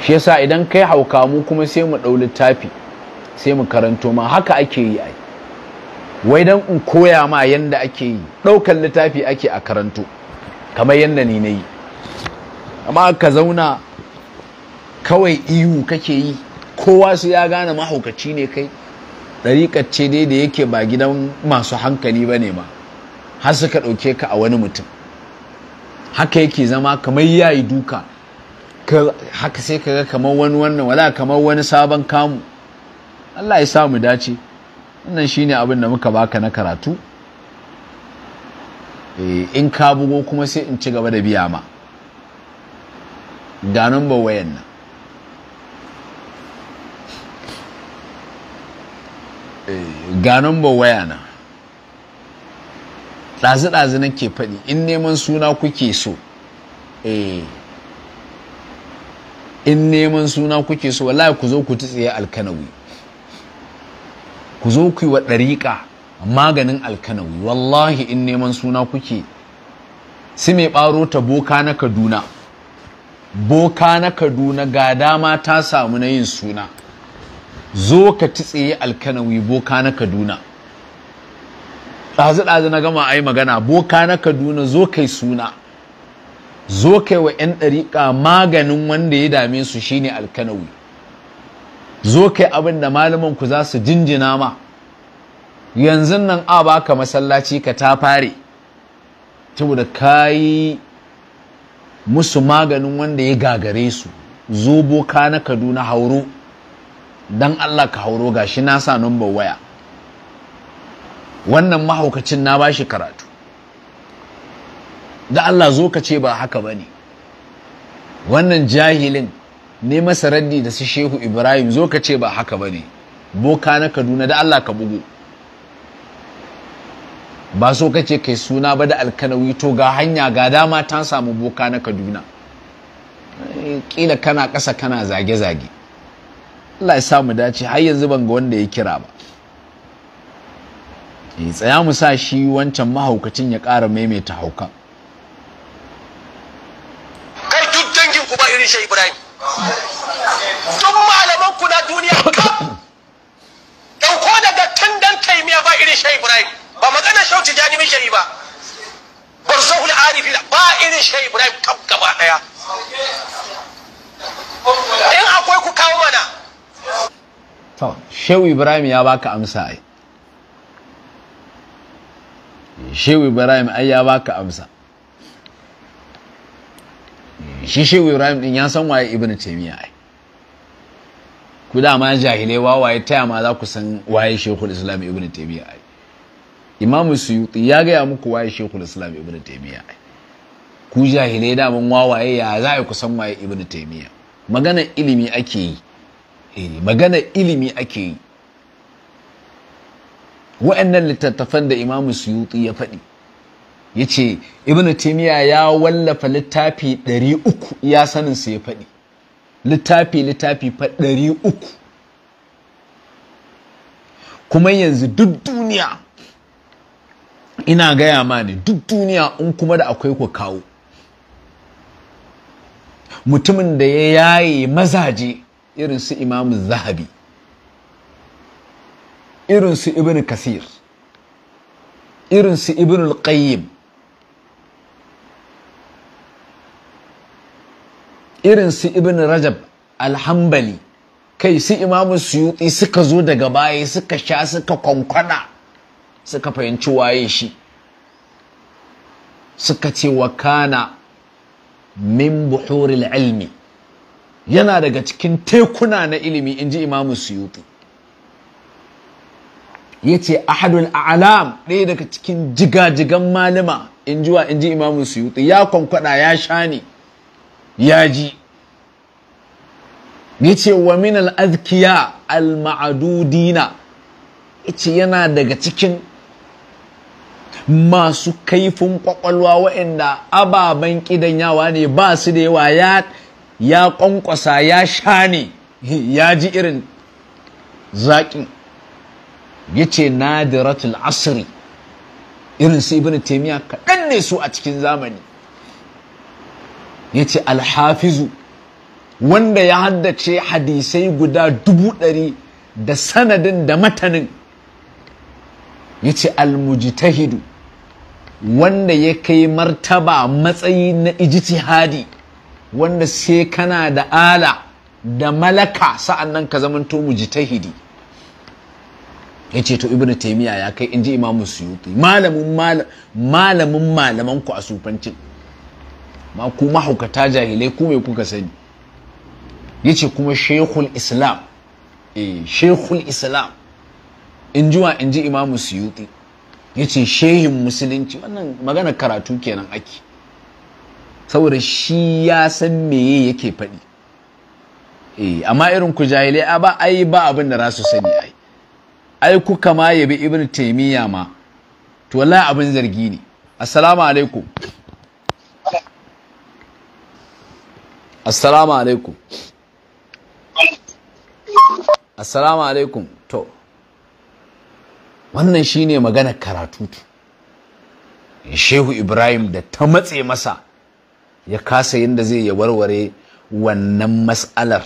shi yasa idan kai hauka mu kuma sai mu ɗau littafi sai mu karanto ma haka ake yi ai wai dan in koya ma yanda ake yi ɗaukan littafi ake a karanto kamar yadda ni na yi amma ka zauna kawai ihu kake yi kowa su ya gane mahaukaci ne kai ɗariƙar ce dai da yake ba gidan masu hankali ba ne ma har suka ɗauke ka a wani mutum haka yake zama kamar yayi duka haka sai ka ga kamar wani wannan wala kamar wani sabon kamu Allah ya samu dace wannan shine abin da muka baka na karatu eh, in ka bugo kuma sai in ci gaba da biya ma ganin ba wayan nan Eh, ga number waya na ɗazu-ɗazu nake faɗi in neman suna kuke so eh, in neman suna kuke so wallahi ku zo ku tsaye alkanawi ku zo ku yi wa ɗariƙa maganin alkanawi wallahi in neman suna kuke su mai ɓaro ta boka na kaduna boka na kaduna ga dama ta samu na yin suna zo ka ci tsaye alkanawi boka na kaduna ɗazu-ɗazu na gama a yi magana boka na kaduna zo kai suna zo kai wa 'yan ɗariƙa maganin wanda ya dame su shine alkanawi zo kai abin da malaman ku za su jinjina ma yanzu nan a baka masallaci ka ta fare saboda ka yi musu maganin wanda ya gagare su zo boka na kaduna hauro Dan Allah ka hauro gashi na sa number waya wannan mahaukacin na bashi karatu da Allah zo ka ce ba haka ba ne wannan jahilin ne masa raddi da su shehu ibrahim zo ka ce ba haka ba ne boka na kaduna da Allah ka bugu ba so kace kai suna ba da alkanawi to ga hanya ga dama ta samu boka na kaduna eh, kila kana ƙasa kana zage-zage Allah ya sa mu dace har yanzu ban ga wanda ya kira ba eh tsaya mu sa shi wancan mahaukacin ya ƙara maimaita hauka kai duk dangin ku ba irin shi Ibrahim duk malaman ku na duniya dauko daga tun dan taimiya ba irin shi Ibrahim ba magana shauti jani min shari ba barzahul arifi ba irin shi Ibrahim kaf gaba daya in akwai ku kawo mana to shehu ibrahim ya baka amsa ai shehu ibrahim ai ya baka amsa shi shehu ibrahim din ya san waye ibnu taymiya ai ku ma jahilai wawaye taya ma za ku san waye shekul islam ibn taymiya ai imamu suyuti ya gaya muku waye shekul islam ibn taymiya ai ku jahilai daman wawaye ya za ku san waye ibn taymiya magana ilimi ake yi Eh, magana ilimi ake yi wa'annan littattafan da imamu suyuti ya faɗi ya ce ibn timiya ya wallafa littafi 300 ya saninsa ya faɗi littafi littafi fa 300 kuma yanzu duk duniya ina gaya ma ne duk duniya in kuma da akwai ku kawo mutumin da ya yaye mazaje irin su imamu zahabi irin su ibn kasir irin su ibn al-qayyim irin su ibn rajab alhambali kai su imamu suyuti suka zo daga baya suka sha suka kwankwana suka fahimci waye shi suka ce wa kana min buhuril ilmi yana daga cikin tekuna na ilimi in ji imamu suyuti ya ce ahadul alam ɗaya daga cikin jigajigan malama in ji wa in ji imamu suyuti ya kwankwada ya sha ne ya ji ya ce wa min al'adkiya al-ma'adudina ya ce yana daga cikin masu kaifin kwakwalwa waɗanda ababen ƙidan yawa ne ba su da yawa ya ya ƙwanƙwasa ya sha ne ya ji irin zaƙin ya ce nadiratul asiri irin su ibini taimiyya kaɗan ne su a cikin zamani ya ce alhafizu wanda ya haddace hadisai guda dubu ɗari da sanadin da matanin ya ce almujitahidu wanda ya kai martaba matsayi na ijtihadi wanda sai kana da ala da malaka nan ka zamanto mujtahidi ce to ibnu taymiya ya kai inji imamu suyuti malamin malamin malaman ku a sufancin ma ku mahaukata jahilai ku me kuka sani Ya ce kuma shekul islam eh, shekul islam in inji wa ji imamu suyuti ce shehin musulunci wannan magana karatu kenan ake saboda shi ya san meye yake faɗi eh amma irin ku jahilai a ba ai ba abin da za su sani ai ai ku kama yabi ibn taymiya ma to wallahi abin zargi ne assalamu alaikum assalamu alaikum assalamu alaikum to wannan shine maganar karatu shehu ibrahim da ta matse masa ya kasa yadda zai ya warware wannan matsalar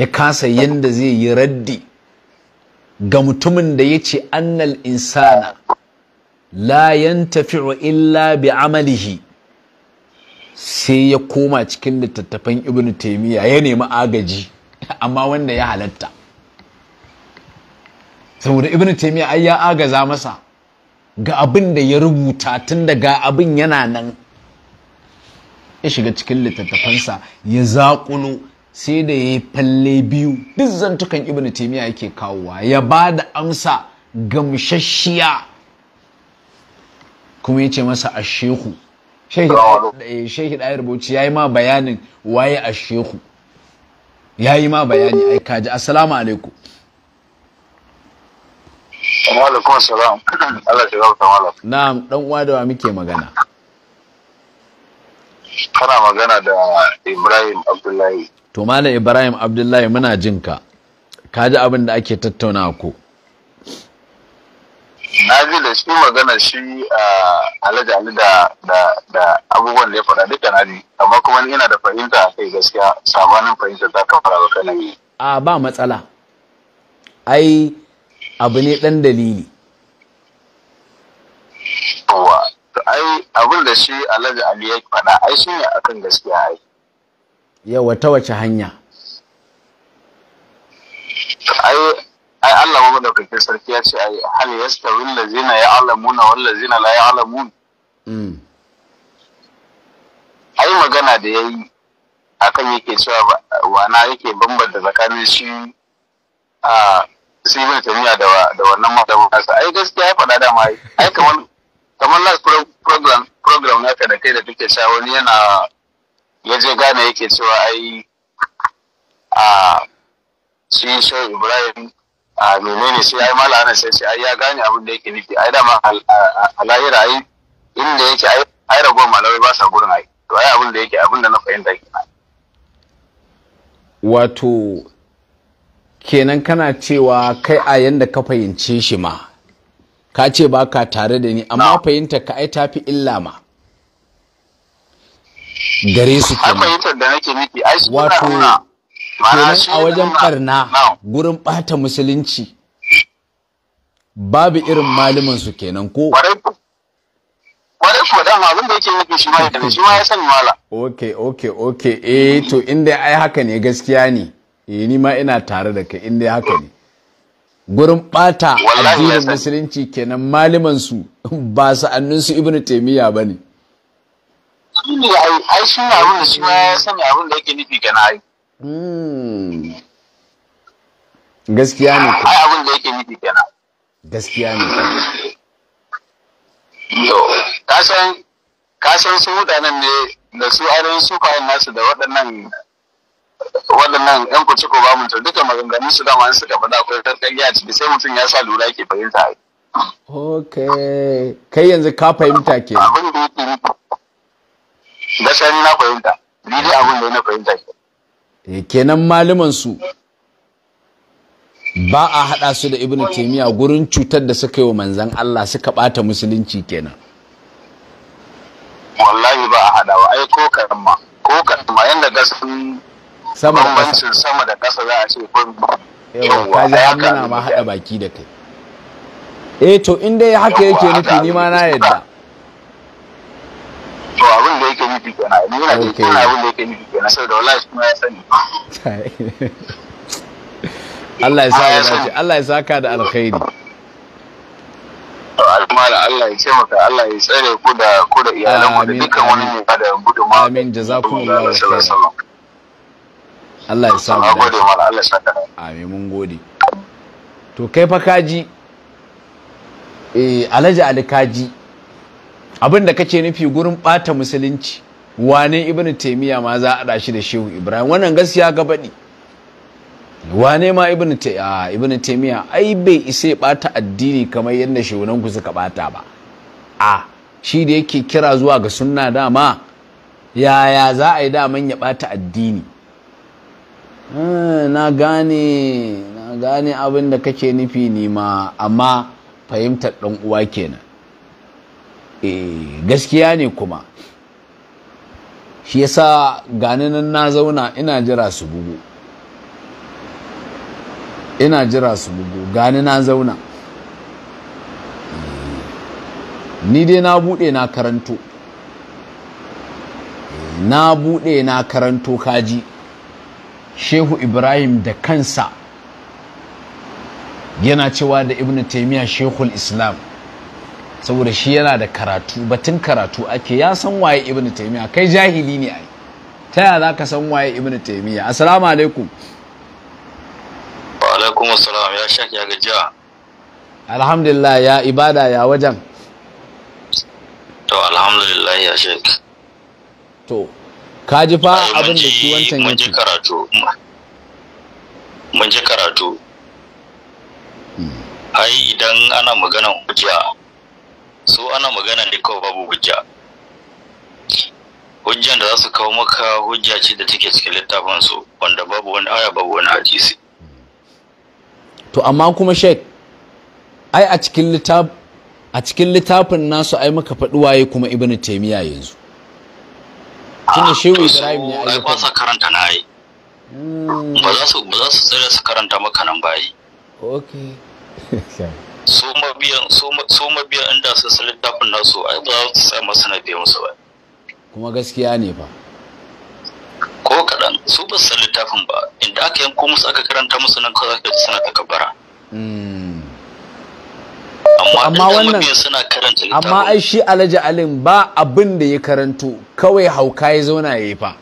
ya kasa yadda zai yi raddi ga mutumin da ya ce annal insana la tafi'u illa bi amalihi sai ya koma cikin littattafan ibn taimiyya ya nemi agaji amma wanda ya halatta saboda ibn taimiyya ai ya agaza masa ga abin da ya rubuta tun da ga abin yana nan ya shiga cikin littattafansa ya zaƙulo sai da ya yi falle biyu duk zantukan ibn taimiyya yake kawowa ya ba da amsa gamsasshiya kuma ya ce masa shehu shehi da rubuci ya yi ma bayanin waye shehu ya yi ma bayani ai kaji assalamu alaikum Wa alaikum salam. Allah ya gauta malam. Na'am, dan uwa da wa muke magana. kana magana da Ibrahim Abdullahi. To Malam Ibrahim Abdullahi muna jin ka. Ka ji abin da ake tattauna ko? Na ji da shi magana shi a Alhaji da da abubuwan da ya faɗa duka na ji, amma kuma ina da fahimta kai gaskiya sabanin fahimta ta ka fara ka nan. A ba matsala. Ai abu ne ɗan dalili. ai abin da shi alhaji ali ya faɗa ai shi ne akan gaskiya ai yawa ta wace hanya ai ai Allah mu da kake sarki ya ce ai hal yastawi allazina ya'lamuna wal ladzina la ya'lamun mm ai magana da yayi akan yake cewa wana yake bambanta tsakanin shi a sibin tamiya da wannan malamin ai gaskiya ya faɗa dama ai kamar kamar na program program naka da kai da duke sa wani yana ya je gane yake cewa ai a shi so ibrahim a menene sai ai mala ana sai ai ya gane abin da yake nufi ai dama alahira ai inda yake ai ai ragon malamai ba sa gurin ai to ai abin da yake abin da na fahimta kenan wato kenan kana cewa kai a yanda ka fahimce shi ma ka ce ba ka tare da ni amma fahimta ka ai tafi illa ma gare su kenan wato kenan a wajen barna gurin bata musulunci babu irin malumin su kenan ko abin da yake shi ya shi ya sani ok ok ok eh to inda ai haka ne gaskiya ne eh ni ma ina tare da ka inda haka ne gurin bata addinin musulunci kenan maliman su ba sa'anninsu ibn taimiyya ba ne. ai ai shi ne abin da shi ma sani abin da yake nufi gana ai. Hmm. Gaskiya ne. Ai abin da yake nufi gana. Gaskiya ne. Yo, kasan kasan su mutanen ne da su ainihin su kawai nasu da waɗannan waɗannan yan kuci ko ba mutum duka maganganun su dama suka faɗa akwai tarkariya ya ciki sai mutum ya sa lura yake fahimta ok kai yanzu ka fahimta ke abin da yake yi da ni na fahimta ni abin da na fahimta ke e, kenan malaman su ba a haɗa su da ibnu taimiyya gurin cutar da suka yi wa manzan Allah suka ɓata musulunci kenan wallahi ba a haɗa wa ai ko karama ko karama yadda gaskiya sama da ƙasa sama da za a ce yawa ka baki da kai eh to in dai haka yake nufi ni ma na yadda to abin da yake nufi kenan ni na ke kana abin da yake nufi kenan saboda wallahi kuma ya sani Allah ya saka dace Allah ya saka da alkhairi Allah ya tsare ku da iyalanku da dukkan wani ne da gudunmawa amin jazakumullahu Allah ya sa mu mana, Allah ya amin mun gode to kai fa kaji eh Alhaji Ali kaji abin da kace nufi gurin bata musulunci wane ibnu taymiya ma za a dashi da shehu ibrahim wannan gaskiya ga badi wane ma ibnu taymiya ibnu taymiya ai bai isa bata addini kamar yadda shehunan ku suka bata ba a shi da yake kira zuwa ga sunna dama yaya za a yi daman ya bata addini Eh, na gane na gane abin da kake nufi nima amma fahimtar ɗan uwa kenan eh gaskiya ne kuma shi yasa gani nan na zauna ina jira su bugu ina jira su bugu gani na zauna eh, ni dai na buɗe na karanto eh, na buɗe na karanto kaji shehu ibrahim da kansa yana cewa da ibn taimiyya shehul islam saboda shi yana da karatu batun karatu ake ya san waye ibn taimiyya kai jahili ne ai ta yaya zaka san waye ibn taimiyya assalamu alaikum wa alaikum assalam ya shaki ya gajiya alhamdulillah ya ibada ya wajen to alhamdulillah ya shaki to ka ji fa abin da ki wancan yake karatu mun ji karatu hmm. ai idan ana maganan hujja so ana magana ne kawai babu hujja hujjan da za su kawo maka hujja ce da take cikin littafin su wanda babu wani aya babu wani hadisi to amma kuma shek ai a cikin littafin a cikin littafin nasu ai maka faɗi waye kuma ibnu taymiya yanzu tunda shehu ibrahim ne ai ba sa karanta na ai hmm. ba za su ba za su tsira su karanta maka nan bayi okay su mabiyan su mabiyan inda su su littafin nasu ai ba za su sai masu na biya musu ba kuma gaskiya ne ba ko kaɗan su ba su littafin ba inda aka yanko musu aka karanta musu nan kawai suna ta kabara hmm. amma wannan amma ai shi alhaji alim ba abin da ya karanto kawai hauka ya zauna ya yi fa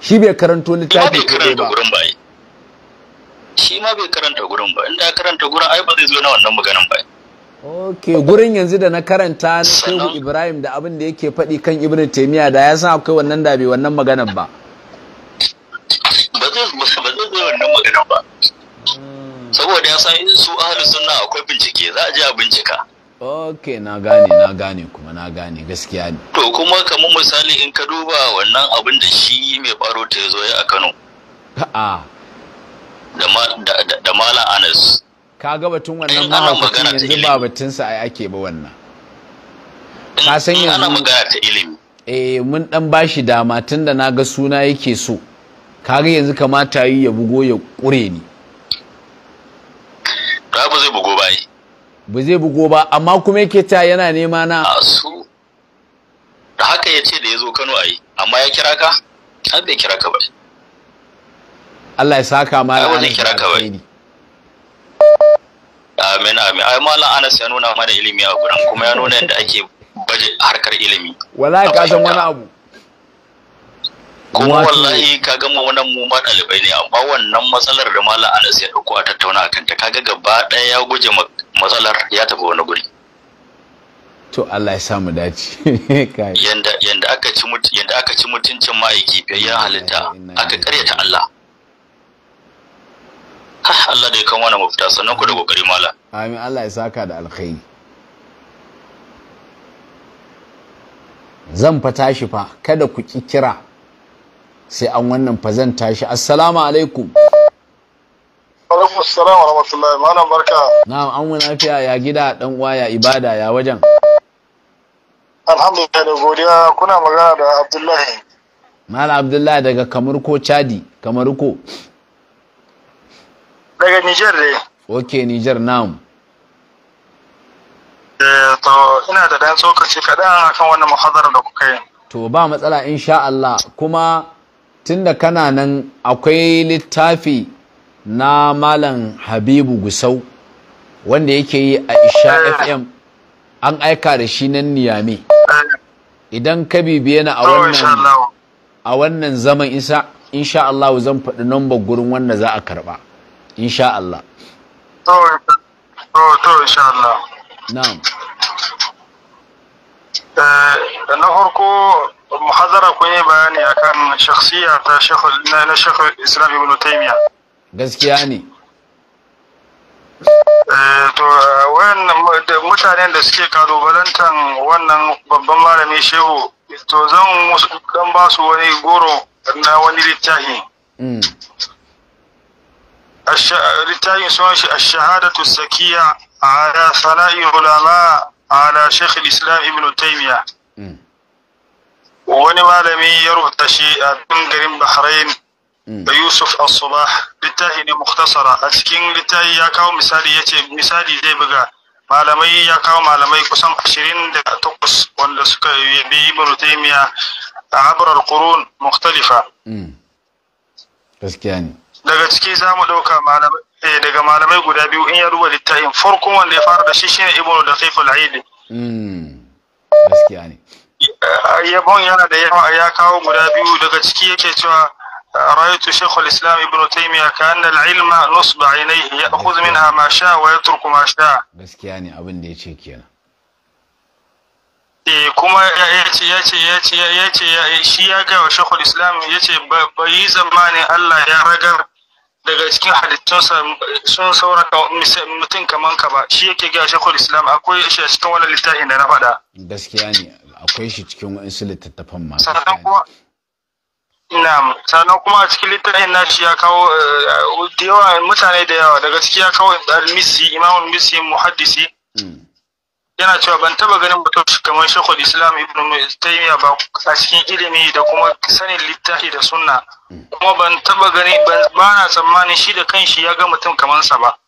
shi bai karanto littafi kaɗai ba shi ma bai karanta gurin ba inda ya karanta gurin ai ba zai zo na wannan maganan ba ok gurin yanzu da na karanta na shehu ibrahim da abin da yake faɗi kan ibn taimiya da ya san akwai wannan da bai wannan maganan ba ba zai zo wannan maganan ba hmm. saboda ya san su ahli suna, akwai bincike za a je a bincika ok na gane na gane kuma na gane gaskiya ne to kuma kamar misali in ka duba wannan abin da shi mai baro ta zo ya a Kano a'a da mala anas ka ga batun wannan mahaukacin yanzu ba batunsa ai ake ba wannan ka san yanzu ana magana ta ilimi eh mun dan bashi dama tunda na ga suna yake so kaga yanzu kamata yi ya bugo ya kure ni ba ba zai bugo ba ba zai bugo ba amma kuma yake ta yana nema na su da haka ya ce da ya zo Kano a yi amma ya kira ka har bai kira ka ba Allah ya saka ma da wani kira ka ba amin amin ai mallan Anas ya nuna mana ilimi a gurin kuma ya nuna yadda ake baje harkar ilimi wallahi ka san wani abu kuma wallahi ka gama wannan mu ma ɗalibai ne amma wannan matsalar da malam Anas ya dauko a tattauna akan ta kaga gaba ɗaya ya guje matsalar ya tafi wani guri to Allah ya samu dace yanda yanda aka ci yanda aka ci mutuncin ma'aiki fiye ya halitta aka karyata Allah Allah da ya kan wani mafita sannan ku da kokari mala amin Allah ya saka da alkhairi zan fa tashi fa kada ku ki kira sai an wannan fazan tashi assalamu alaikum alaikum assalamu wa rahmatullahi malam barka na'am an wani lafiya ya gida dan uwa ya ibada ya wajen alhamdulillah da godiya kuna magana da abdullahi malam abdullahi daga kamurko chadi kamurko daga niger ne ok niger na'am eh to ina da dan tsokaci kaɗan akan wannan muhadarar da kuka yi to ba matsala insha Allah kuma tunda kana nan akwai littafi na malam habibu gusau wanda yake yi a isha fm an aika da shi nan niyame idan ka bibiye oh, na a wannan zaman isa insha Allah zan faɗi nambar gurin wanda za a karɓa insha Allah oh, oh, to insha Allah na'am eh, na farko muhadara kun yi bayani akan shakhsiya ta na shekul islam ibn taimiya gaskiya ne eh, to wayannan mutanen da suke kalubalantan wannan babban malami shehu to zan dan ba su wani goro na wani littafi mm. littafin sunan shi ash-shahadatu sakiya ala sana'i ulama ala shaykh al-islam ibn taimiya wani malami ya rubuta shi a garin bahrain mm. da yusuf as-sulah littafi ne muktasara a cikin littafi ya kawo misali ya ce misali zai buga malamai ya kawo malamai kusan ashirin da takwas wanda suka yi yabi ibn taymiya a abrar qurun mukhtalifa mm. gaskiya ne daga ciki za mu ɗauka malamai eh, daga malamai guda biyu in ya duba littafin farkon wanda ya fara da shi shine ibn daqiq al-aidi mm. gaskiya ne Eh, yabon yana da yawa ya kawo guda biyu daga ciki yake cewa رأيت شيخ الإسلام ابن تيمية كأن العلم نصب عينيه يأخذ منها ما ma sha gaskiya ne بس يعني أبن kenan E, kuma ya ce shi ya ga wa shekul islam ya ce bai zamanin Allah ya ragar daga cikin halittunsa sun sauraka mutum kaman ka ba shi yake gaya shekul islam akwai shi a cikin wani littafin da na faɗa gaskiya ne akwai shi cikin wa'insu littattafan masu sannan kuma sannan kuma a cikin littafin shi ya kawo eh, da yawa mutane da yawa daga ciki ya kawo al-misi imamul misi muhaddisi hmm. yana cewa ban taba ganin mutum kamar shekul islam ibn taymiya ba a cikin ilimi da kuma sanin littafi da sunna hmm. kuma ban taba gani ba na tsammanin shi da kanshi ya ga mutum kamar sa ba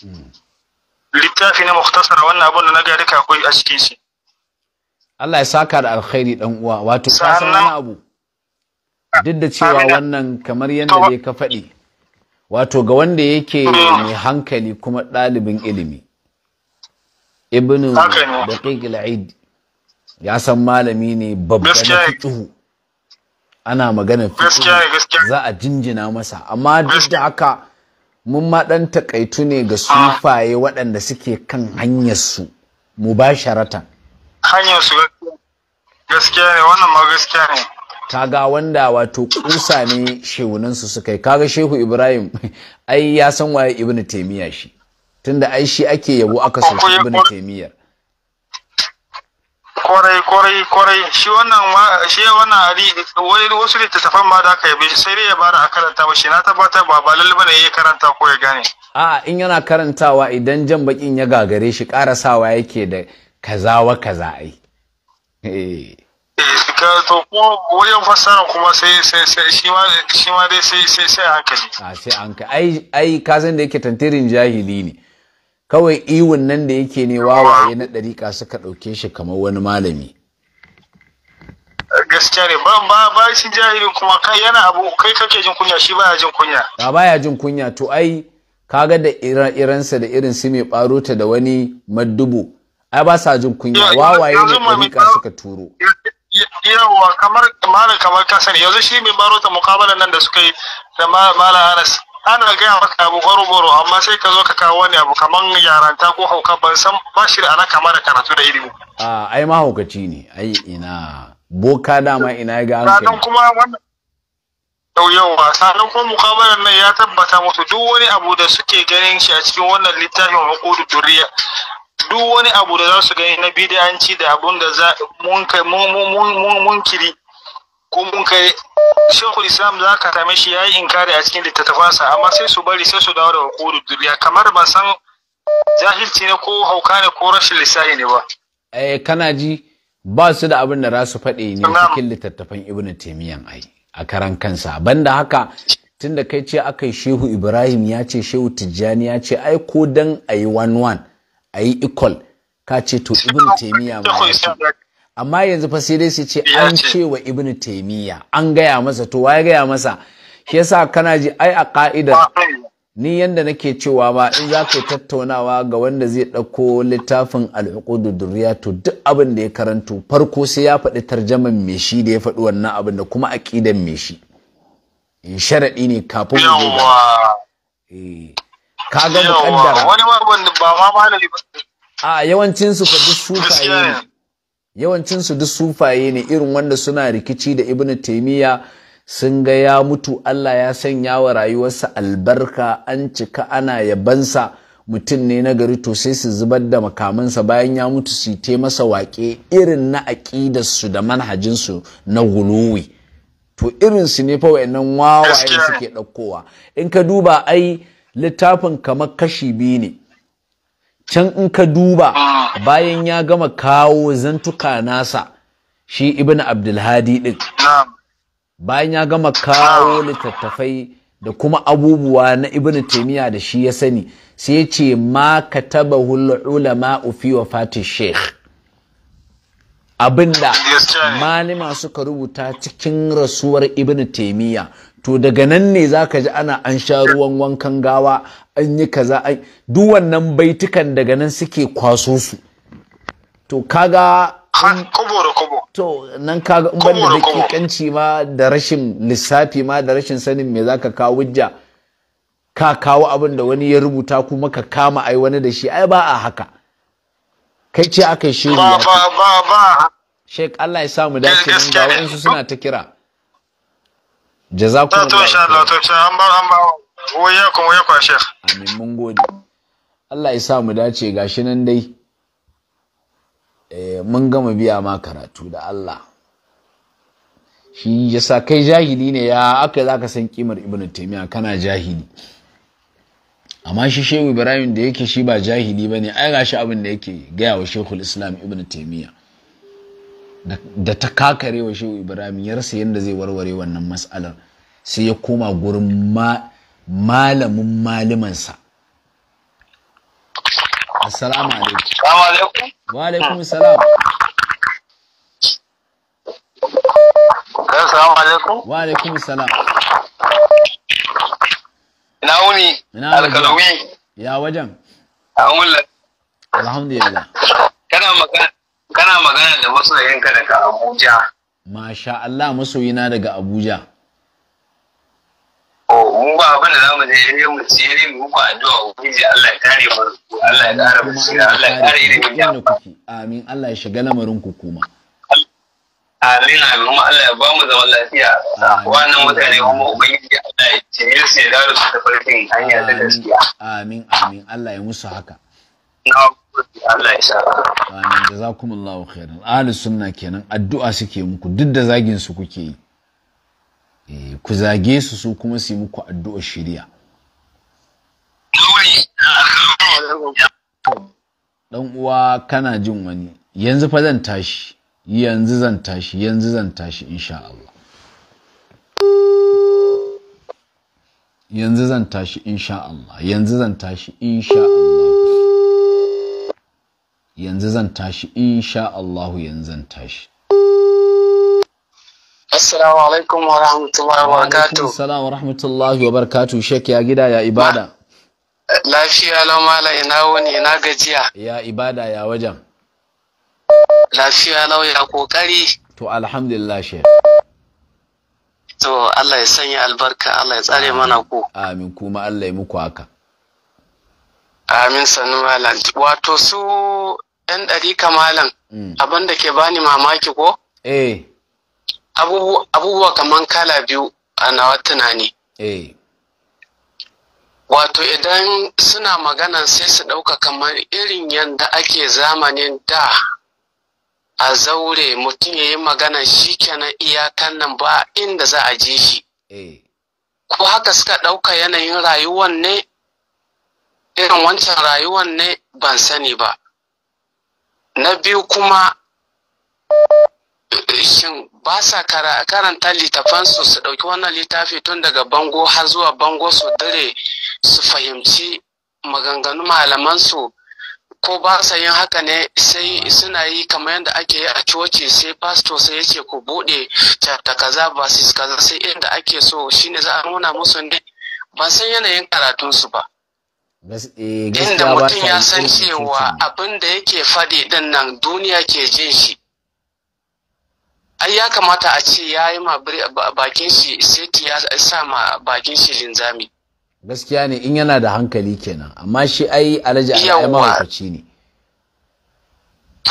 hmm. littafi na muhtasara wannan abun da na ga duka akwai a cikin shi Allah ya saka da alkhairi dan uwa wato ka san wani abu duk da cewa wannan kamar yadda dai ka faɗi wato ga wanda yake mm. mai hankali kuma ɗalibin ilimi ibnu daqiq al-aid ya san malami ne babban na ana magana fiqhu za a jinjina masa amma duk da haka mun ma dan takaitu ne ga ah. sufaye waɗanda suke kan hanyar su mubasharatan hanyar su gaskiya ne wannan ma gaskiya ne kaga wanda wato kusa ne shehunansu suka yi kaga shehu ibrahim ai ya san waye ibnu taymiya shi tunda ai shi ake yabo aka shi ibnu taymiya kwarai kwarai kwarai shi wannan ma shi wannan ari wani wasu littattafan ma da aka yabe shi sai dai ya bara a karanta ba shi na tabbata ba ba lalle bane ya karanta ko ya gane a in yana karantawa idan jan bakin ya gagare shi karasawa yake da kaza wa kaza ai eh to ko Wurin fassara kuma sai sai sai shi ma shi ma dai sai sai sai hankali a sai an ka ai ai ka san da yake tantirin jahili ne kawai iwon nan da yake ne wawaye na dariƙa suka ɗauke shi kamar wani malami gaskiya ne ba ba ba shi jahili kuma kai yana abu kai kake jin kunya shi baya jin kunya ba baya jin kunya to ai kaga da iran iransa da irin su mai barota da wani maddubu ai ba sa jin kunya wawaye ne ɗarika suka turo yawa kamar malam kamar kasar yanzu shi mai baro ta mukabalan nan da suka yi da malam anas ana gaya maka abu goro-goro amma sai ka zo ka kawo wani abu kamar yaranta ko hauka ban san ba shi da alaka ma da karatu da ilimi a ai ma haukaci ne ai ina boka dama ina ya ga an kai kuma wannan yauwa sanan kuma mukabalan nan ya tabbata mutu duk wani abu da suke ganin shi a cikin wannan littafin hukudu duriya duk wani abu da za su gani na bidiyanci da abun da za mun kai mun kiri ko mun kai shehu islam za ka same shi yayi inkari a cikin littattafansa amma sai su bari sai su dawo da hukudu duniya kamar ba san jahilci ne ko hauka ne ko rashin lissahi ne ba eh kana ji ba su da abin da za su faɗi ne cikin littattafan ibnu taymiyan ai a karan kansa banda haka tunda kai ce aka shehu ibrahim ya ce shehu tijjani ya ce ai ko dan ayi one one a yi equal ka ce to ibn taimiyya ma ya ce amma yanzu fa sai dai su ce an ce wa ibn taimiyya an gaya masa to waye gaya masa shi yasa kana ji ai a ka'idar ni yanda nake cewa ba in za ka tattaunawa ga wanda zai ɗauko littafin al'uqudu durriya to duk abin da ya karanto farko sai ya faɗi tarjaman me shi da ya faɗi wannan abin da kuma aƙidan me shi In eh, sharaɗi ne kafin mu je ka ga mukaddara wani ma ba ma ba a yawancin su fa duk sufaye ne yawancin su duk sufaye ne irin wanda suna rikici da ibnu taymiya sun ga ya mutu Allah ya sanya wa rayuwarsa albarka an cika ana yabansa mutum ne na gari to sai su zubar da makamansa bayan ya mutu su te masa waƙe irin na aƙidarsu da manhajinsu na guluwi to irinsu ne fa wayannan wawaye suke ɗaukowa in ka duba ai littafin kamar kashi biyu ne can in ka duba ah. bayan ya gama kawo zantuka nasa shi ibn abdulhadi din bayan ya gama kawo ah. littattafai da kuma abubuwa na ibn taimiyya da shi ya sani sai ce ma ka kataba ulama wa fatih sheikh abinda malima suka rubuta cikin rasuwar ibn taimiyya to daga nan ne za ka ji ana an sha ruwan wankan gawa an yi kaza an duk wannan baitukan daga nan suke kwaso su to kaga to nan kaga in ban da dakikanci ma da rashin lissafi ma da rashin sanin me zaka kawo wujja? ka kawo abin da wani ya rubuta kuma ka kama ai wani da shi ai ba a haka kai ce aka yi shehu ba ba ba shek Allah ya samu dace nan ga wa'ansu suna ta kira jazakum to insha Allah to Allah ya sa mu dace gashi nan dai eh mun gama biya ma karatu da Allah shi yasa kai jahili ne ya aka zaka san kimar ibnu taymiya kana jahili amma shi shehu ibrahim da yake shi ba jahili ba ne ai gashi abin da yake gaya wa shehul islam ibn taimiyya da ta kakare wa shehu ibrahim ya rasa yadda zai warware wannan matsalar sai ya koma gurin malamin malimansa assalamu alaikum wa alaikum salam assalamu alaikum wa alaikum salam ina wuni alkalawi ya wajen alhamdulillah kana magana kana magana da masoyinka daga Abuja. Masha Allah masoyina daga Abuja. O, mu ba abin da zamu je ne mu ci ne mu ba addu'a ubangiji Allah ya kare mu Allah ya kare mu Allah ya kare ilimin da Amin Allah ya shiga lamarin ku kuma. Amin amin kuma Allah ya ba mu zaman lafiya. Wannan mutane kuma ubangiji Allah ya ce su ya dawo su farkin hanya da gaskiya. Amin amin Allah ya musu haka. Amin jazakumullahu khairan ahli sunna kenan addu'a suke muku duk da zagin su kuke yi eh, ku zage su su kuma su yi muku addu'a shiriya dan uwa kana jin wani yanzu fa zan tashi yanzu zan tashi yanzu zan tashi insha Allah yanzu zan tashi insha Allah yanzu zan tashi insha Allah yanzu zan tashi insha Allahu yanzu zan tashi Assalamu alaikum wa rahmatullahi wa barakatuh. Assalamu wa rahmatullahi wa barakatuh. Shek ya gida ya ibada. Lafiya lau mala ina wani ina gajiya. Ya ibada ya wajen. Lafiya lau ya kokari. To alhamdulillah shek. To Allah ya sanya albarka Allah ya tsare mana ku. Amin kuma Allah ya muku haka. Amin sanu malam. Wato su ‘yan ɗarika malam, mm. abin da ke bani mamaki ko? Eh. Abubuwa kamar kala biyu a nawa tunani. Eh. Wato idan suna magana sai su ɗauka kamar irin yadda ake zamanin da a zaure mutum ya yi magana shi kenan iyakan nan ba inda za a je shi. Eh. Ko haka suka ɗauka yanayin rayuwan ne irin wancan rayuwan ne ban sani ba na biyu kuma shin ba sa karanta littafansu su ɗauki wannan littafi tun daga bango har zuwa bango su dare su fahimci maganganu malamansu ko ba sa yin haka ne sai suna yi kamar yadda ake yi a coci sai pastor sai ce ku buɗe chapter kaza ba kaza sai inda ake so shine za a nuna musu ne ban san yanayin karatunsu ba Eh, inda mutum ya san cewa abin da yake faɗi ɗin nan duniya ke jin shi ai ya kamata a ce ya yi ma bakin shi seti ya sa ma bakin shi linzami gaskiya ne in yana da hankali kenan amma shi ai alhaji alhaji mahaukaci ne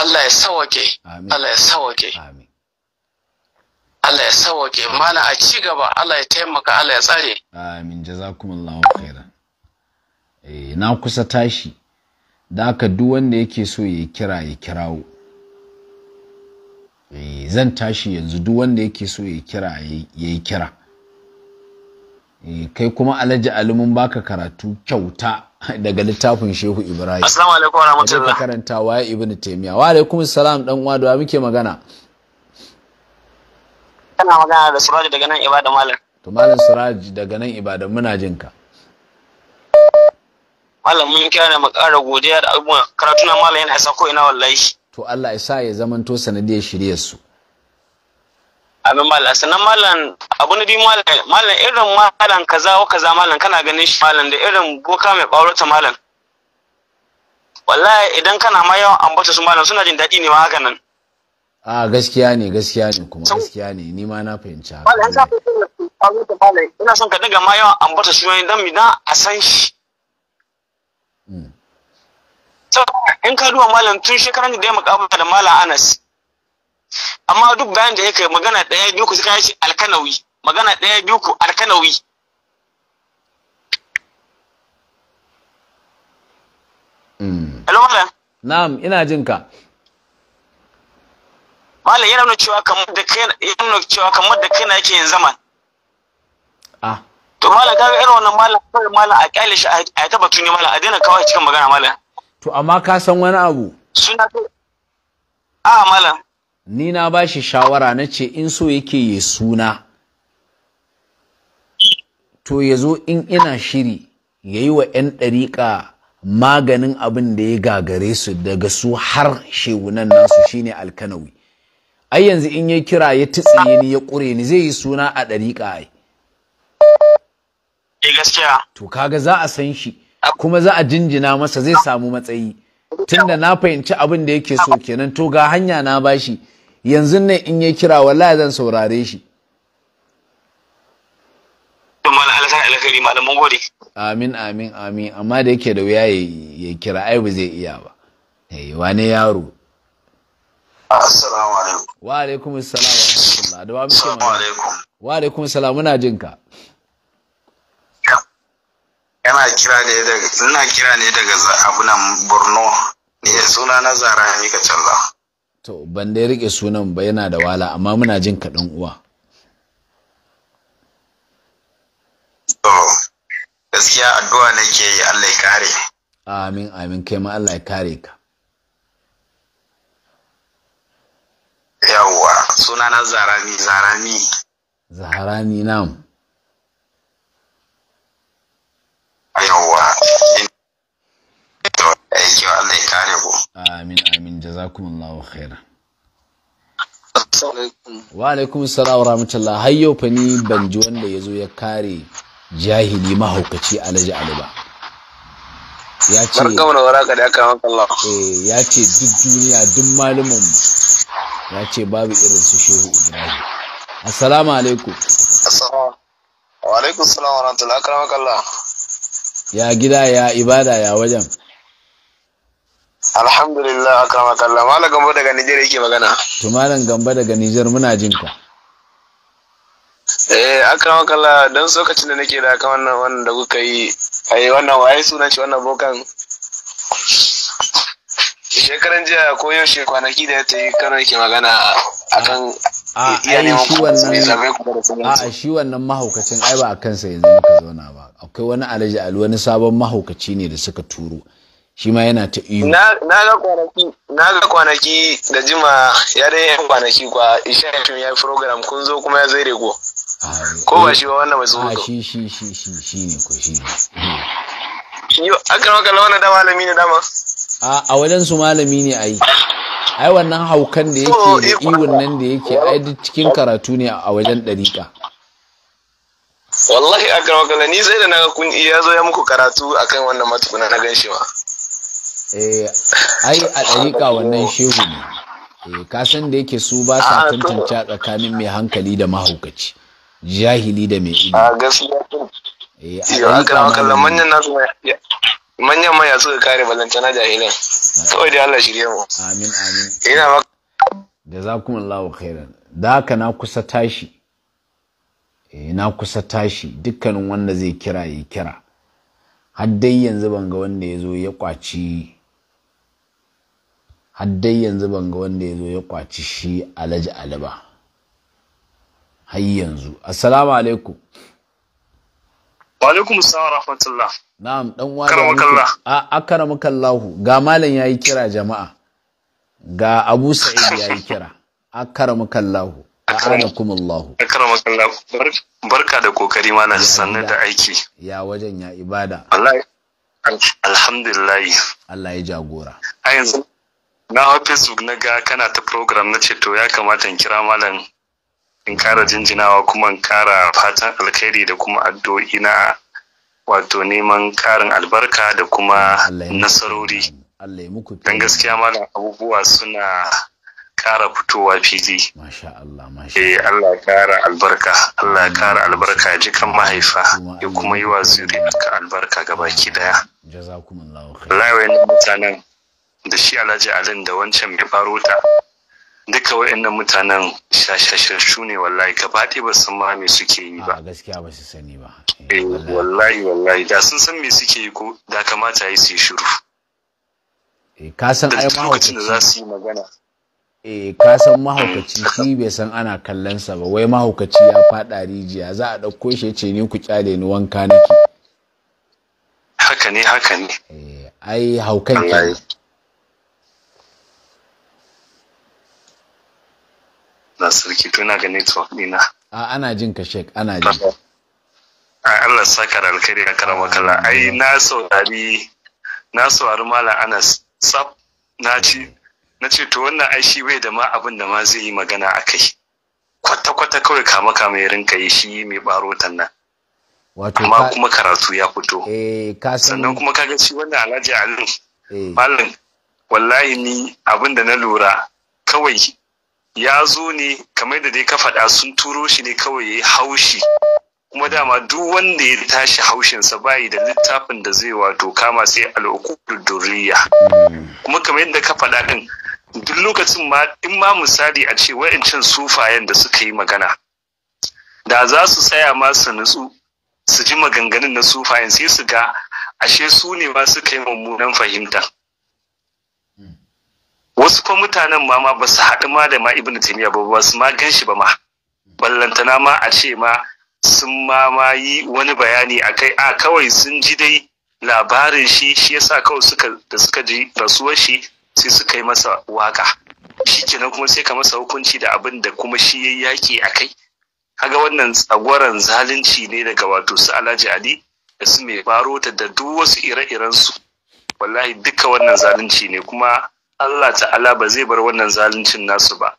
Allah ya sawake Allah ya sawake Allah ya sawake mana a ci gaba Allah ya taimaka Allah ya tsare amin jazakumullahu khairan Eh, na kusa tashi da aka duk wanda yake so ya kira ya kirawo eh, zan tashi yanzu duk wanda yake so ya kira ya yi kira eh, kai kuma alhaji alimun baka karatu kyauta daga littafin shehu ibrahim assalamu alaikum wa rahmatullah ka karanta waye ibn taymiya wa alaikum salam dan uwa da muke magana kana magana da suraji daga nan ibada malam to malam suraji daga nan ibada muna jinka malam mun kira mu ƙara godiya da abubuwan karatu na malam yana isa ko ina wallahi to Allah ya sa ya zamanto sanadiyar shirye su abin malam sannan malam abu na biyu malam malam irin malam kaza wa kaza malam kana ganin shi malam da irin boka mai ɓaurata malam wallahi idan kana ma yawan ambata su malam suna jin daɗi ne ma haka nan a gaskiya ne gaskiya ne kuma gaskiya ne ni ma na fahimci haka malam ina son ka daga ma yawan ambata su dan mi na a san shi Mm. in ka duba malam tun shekaran da ya mukabala da malam Anas amma duk bayan da ya kai magana ɗaya biyu ku suka shi alkanawi magana ɗaya biyu ku alkanawi mm. Na'am ina jin ka Malam yana nuna cewa kamar da kai yana nuna cewa kamar da kai na yake yin zaman Ah to mala kaga irin wannan mala kawai mala a kyale shi a taba tuni mala a daina kawai cikin magana mala to amma ka san wani abu suna a mala ni na ba shi shawara na ce in so yake ya suna to ya zo in ina shiri ya yi wa 'yan ɗariƙa maganin abin da ya gagare su daga su har shegunan nasu shine alkanawi ai yanzu in ya kira ya titsiye ni ya ƙure ni zai yi suna a ɗariƙa ai eh gaskiya to kaga za a san shi kuma za a jinjina masa zai samu matsayi tunda na fahimci abin da yake so kenan to ga hanya na bashi yanzu nan in ya kira wallahi zan saurare shi amin amin amin amma da yake da wuya ya kira ai ba zai iya ba eh wane yaro assalamu alaikum wa alaikum assalam wa rahmatullah da wa muke wa alaikum assalam muna jinka yana kira ne daga ina kira ne daga abunan borno ne suna na zara ni ka canza to ban da rike sunan ba yana da wala amma muna jin ka dan uwa to gaskiya addu'a nake yi Allah ya kare amin amin kai ma Allah ya kare ka yawwa suna na zara ni. zara ni na'am yawa aiki Allah ya kare ku amin amin jazakumullahu khairan wa alaikum salam wa rahmatullah har yau fa ni ban ji wanda ya zo ya kare jahili mahaukaci alhaji ali ba ya ce eh, ya ce duk duniya duk malumin mu ya ce babu irin su shehu ibrahim assalamu alaikum wa alaikum salam wa rahmatullah akramakallah ya gida ya ibada ya wajen alhamdulillah aka makalla malam gamba daga nijar yake magana to malam gamba daga nijar muna jin ka eh aka makalla don sokacin da nake da aka wannan wannan da kuka yi ai wannan waye sunan shi wannan bokan shekaran jiya ko yaushe kwanaki da ya ta yi kano yake magana akan a shi wannan mahaukacin ai ba a kansa yanzu muka zauna ba akwai wani alaji ali wani sabon mahaukaci ne da suka turo shi ma yana ta iyo na ga kwanaki na ga kwanaki da jima ya dai yan kwanaki kwa isha ya yi program kun zo kuma ya zai rego ko ba shi ba wannan mai zuwa shi shi shi shi shi ne ko shi ne yo aka raka wannan da malami ne dama a wajen su malami ne ai ai wannan haukan da yake da eh, iwon nan da yake ai duk cikin karatu ne a wajen dariƙa wallahi akramakala ni sai da na kun ya zo ya muku karatu a kan wannan matukuna na gan shi ma eh ai a ɗariƙa wannan shehu ne eh ka san da yake su ba sa ah, tantance tsakanin mai hankali da mahaukaci jahili da mai ilimi a ah, gaskiya eh a akramakala manyan nasu manyan maya suka kare balantana jahilan ah. kawai da Allah shirye mu amin amin ina maka jazakumullahu khairan da haka na kusa tashi Eh, na kusa tashi dukkanin wanda zai kira ya kira haddai yanzu ban ga wanda ya zo ya kwaci haddai yanzu ban ga wanda ya zo ya kwaci shi alaji alaba har yanzu assalamu alaikum wa alaikum assalam rahmatullah na'am dan wani a a lahu ga malam yayi kira jama'a ga abu sa'id yayi kira a lahu. akramakumullahu akramakallahu barka da kokari mana sanne da aiki ya wajen ya ibada wallahi alhamdulillah Allah ya jagora a yanzu na hau facebook na ga kana ta program na ce to ya kamata in kira malam in kara jinjinawa kuma in kara fatan alkhairi da kuma addu'o'i na wato neman karin albarka da kuma nasarori dan gaskiya malam abubuwa suna Kara fitowa fili. Eh Allah ƙara albarka, Allah ƙara albarka ya ji kan mahaifa ya kuma yi wa zuri, ka albarka gabaki daya. Lawai na mutanen da shi Alhaji Alin da wancan mai barota duka wayannan mutanen shashashashu ne wallahi gaba ɗaya ba san ma me suke yi ba. Gaskiya ba su sani ba. Eh, eh wallahi wallahi da sun san me suke yi ko da kamata yi su yi shiru. Eh, ka san ai ma lokacin da za su yi magana. eh ka san mahaukaci shi bai san ana kallon sa ba wai mahaukaci ya faɗa rijiya za a ɗauko shi ce ni ku kyale ni wanka nake haka ne haka ne eh ai haukan ki na sarki to ina ga network dina a ana jin ka shek ana jin Allah saka da alkhairi a karama kala ai na saurari na saurari malam Anas sab na ci na ce to wannan ai shi bai da ma abin da ma zai yi magana a kai kwata-kwata kawai kama kama ya rinka yi shi mai tan nan amma kuma karatu ya fito eh, sannan kuma kaga shi wannan Alhaji Ali eh. malin wallahi ni abin da na lura kawai ya zo ne kamar da dai ka faɗa sun turo shi ne kawai ya yi haushi kuma dama duk wanda ya tashi haushinsa bayi da littafin da zai wato kama sai al'ukudu duriya kuma kamar yadda ka faɗa ɗin duk lokacin ma in ma misali a ce wa'ancan sufayen da suka yi magana da za su tsaya ma su nutsu su ji maganganun na sufayen sai su ga ashe su ne ma suka yi mummunan fahimta wasu kuma mutanen ma ma ba su haɗu ma da ma ibnu taymiya ba ba su ma gan shi ba ma ballantana ma a ce ma sun mamayi wani bayani a kai a kawai sun ji dai labarin shi shi ya sa kawai suka da suka ji rasuwar shi sai suka yi masa waka shi kenan kuma sai ka masa hukunci da abin da kuma shi ya yaki a kai kaga wannan tsagoran zalunci ne daga wato su alhaji ali da su mai faro ta da duk wasu ire-iren su wallahi duka wannan zalunci ne kuma Allah ta'ala ba zai bar wannan zaluncin nasu ba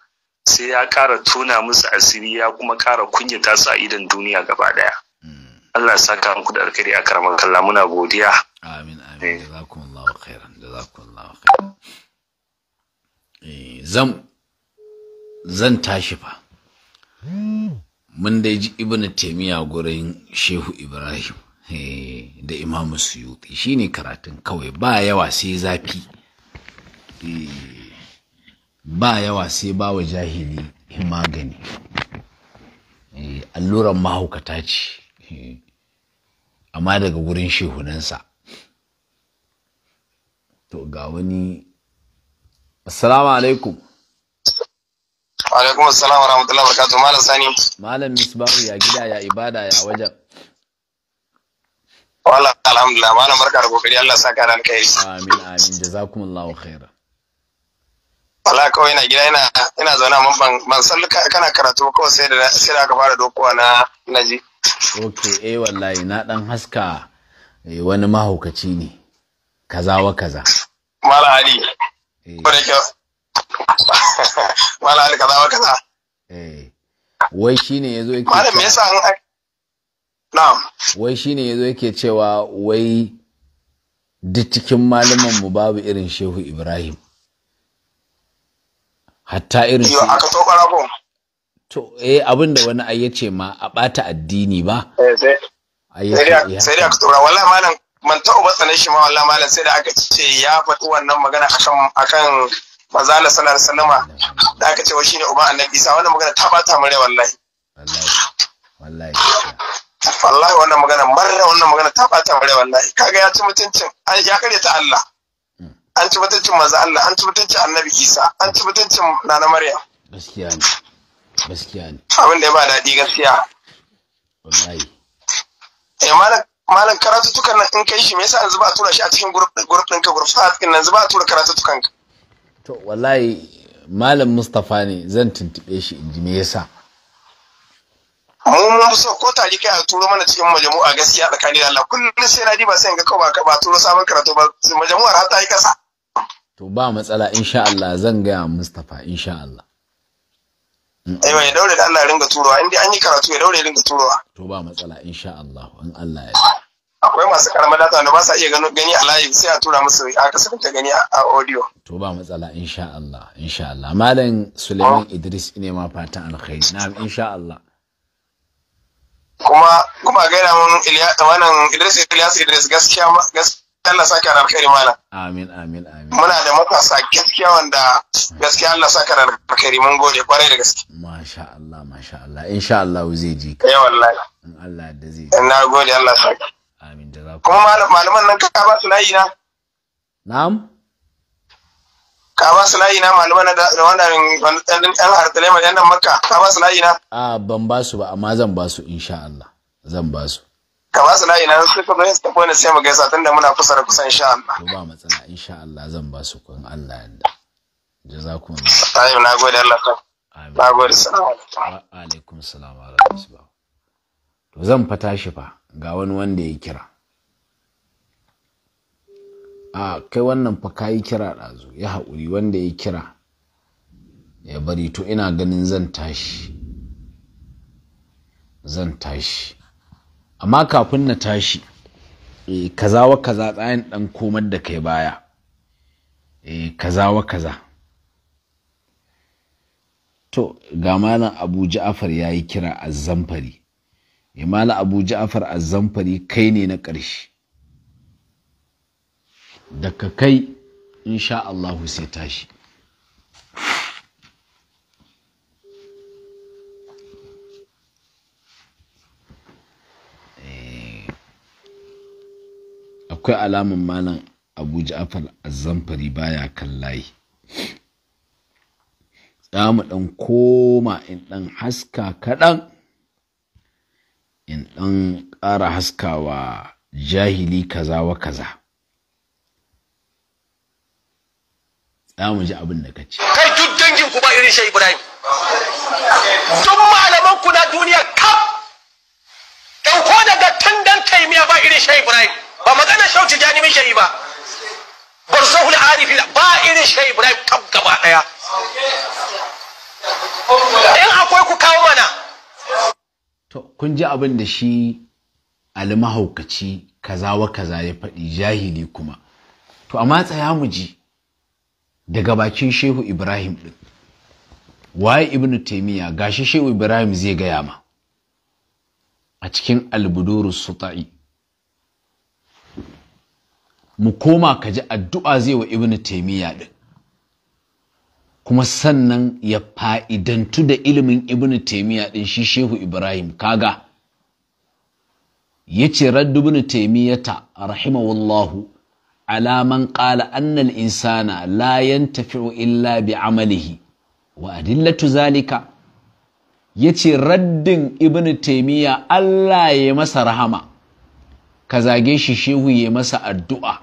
sai ya ƙara tuna musu asiri ya kuma ƙara kunyata su a idan duniya gaba ɗaya. Hmm. Allah saka muku da alkhairi a karamar kalla muna godiya. Amin amin Da da jazakumullahu khairan wa khairan. Eh, zan zan tashi fa. Mun dai ji Ibn Taymiyyah gurin Shehu Ibrahim eh, da Imam Suyuti shine karatun kawai ba yawa sai zafi. Eh. ba yawa sai ba wa jahili magani eh, alluran mahaukata ce eh, amma daga wurin shehunansa to ga wani assalamu alaikum alaikum assalam wa rahmatullahi wa barakatuh malam sani malam misbahu ya gida ya ibada ya wajen wala alhamdulillah malam barka da kokari Allah saka ran kai amin amin jazakumullahu khairan wala kawai ina gida ina ina zaune amma ban ban san kana karatu kawai sai da sai da aka fara dokuwa na naji okay eh wallahi na dan haska eh wani mahaukaci ne kaza wa kaza mala ali eh. mala ali kaza wa kaza eh wai shine yazo yake Mala me yasa an na'am wai shine yazo yake cewa wai duk cikin malaman mu babu irin Shehu Ibrahim hatta irin su aka so ko to eh abin da wani ai yace ma a bata addini ba eh sai sai aka tsora wallahi malam man ta uba sanin shi ma wallahi malam sai da aka ce ya faɗi wannan magana akan akan manzala sallallahu alaihi wasallama da aka ce wa shine uba annabi isa wannan magana ta bata mu rai wallahi wallahi wallahi wannan magana marra wannan magana ta bata mu wallahi kaga ya ci mutuncin ya kare ta Allah an ci mutuncin maza Allah an ci mutuncin annabi Isa an ci mutuncin nana Maryam gaskiya ne gaskiya ne abin da ya ba daɗi gaskiya wallahi eh malam malam karatu tukan nan in kai shi me yasa yanzu ba tura shi a cikin group group ɗinka group chat ɗin yanzu ba tura karatu tukan ka to wallahi malam Mustapha ne zan tuntube shi in ji me yasa mun mun so ko tali kai a turo mana cikin a gaskiya tsakanin Allah kullum sai na ji ba sai ga kawai ba turo sabon karatu ba majamu'ar har ta yi kasa to ba matsala insha Allah zan gaya Mustapha insha Allah eh, Aiwa ya daure da Allah ya ringa turowa in an yi karatu ya daure ya ringa turowa to ba matsala insha Allah in Allah ya akwai masu karamar data da ba sa iya gani a live sai a tura musu a kasafin gani a audio to ba matsala insha Allah insha Allah malam Suleiman Idris ne ma fatan alkhairi na'am insha Allah kuma kuma gaira mun Ilyas wannan Idris Ilyas Idris gaskiya gaskiya Allah saka da alkhairi mana. Amin amin amin. Muna da matasa gaskiya wanda gaskiya Allah saka da alkhairi mun gode kwarai da gaske. Masha Allah masha Allah insha Allah zai ji ka. Eh wallahi. In Allah da zai ji. Na gode Allah saka. Amin da zaku. Kuma malam malaman nan ka ba su layi na. Na'am. Ka ba su layi na malaman da wanda ɗan hartalai mai ɗan nan makka ka ba su layi na. A ah, ban ba su ba amma zan ba su insha Allah zan ba su. ka ba su na sai ka zo insta ko ne sai mu gaisa tunda muna kusa da kusan insha Allah to ba matsala insha Allah zan ba su kun Allah yadda jazakum Allah na gode Allah amin na gode salamu alaikum wa alaikum salam wa rahmatullah to zan fata shi fa ga wani wanda ya kira a kai wannan fa kayi kira ɗazu ya haƙuri wanda ya kira ya bari to ina ganin zan tashi zan tashi amma kafin na tashi eh, kaza wa kaza tsayin dan komar da kai baya eh, kaza wa kaza to ga malam abu ja'far ya yi kira a zamfari eh, malam abu ja'far a zamfari kai ne na ƙarshe daga kai insha Allahu sai tashi akwai alamun malam abu zamfari ba baya kan layi za mu ɗan koma in ɗan haska kaɗan in ɗan ƙara haskawa jahili kaza wa kaza za mu ji abin da ka ce kai duk dangin ku ba irin shi ibrahim duk malaman ku na duniya kaf ɗauko daga tun dan taimiya ba irin shi ibrahim ba maganar shau jani min yi ba barzahul arifi ba irin shai ibrahim kaf gaba daya in akwai ku kawo mana to kun ji abin da shi mahaukaci kaza wa kaza ya faɗi jahili kuma to amma tsaya mu ji daga bakin shehu ibrahim ɗin waye ibnu taimiyya gashi shehu ibrahim zai gaya ma a cikin albudurus suta'i mu koma ka ji addu'a zai wa Ibn taimiyya ɗin kuma sannan ya fa'idantu da ilimin Ibn taimiyya ɗin shi shehu ibrahim kaga ya ce raddu ibn taimiyyata rahimahullahu alaman wallahu, alaman insana la yantafi'u illa bi amalihi wa adillatu zalika Ya ce raddin Ibn taimiyya Allah ya masa rahama ka zage shi shehu ya masa addu'a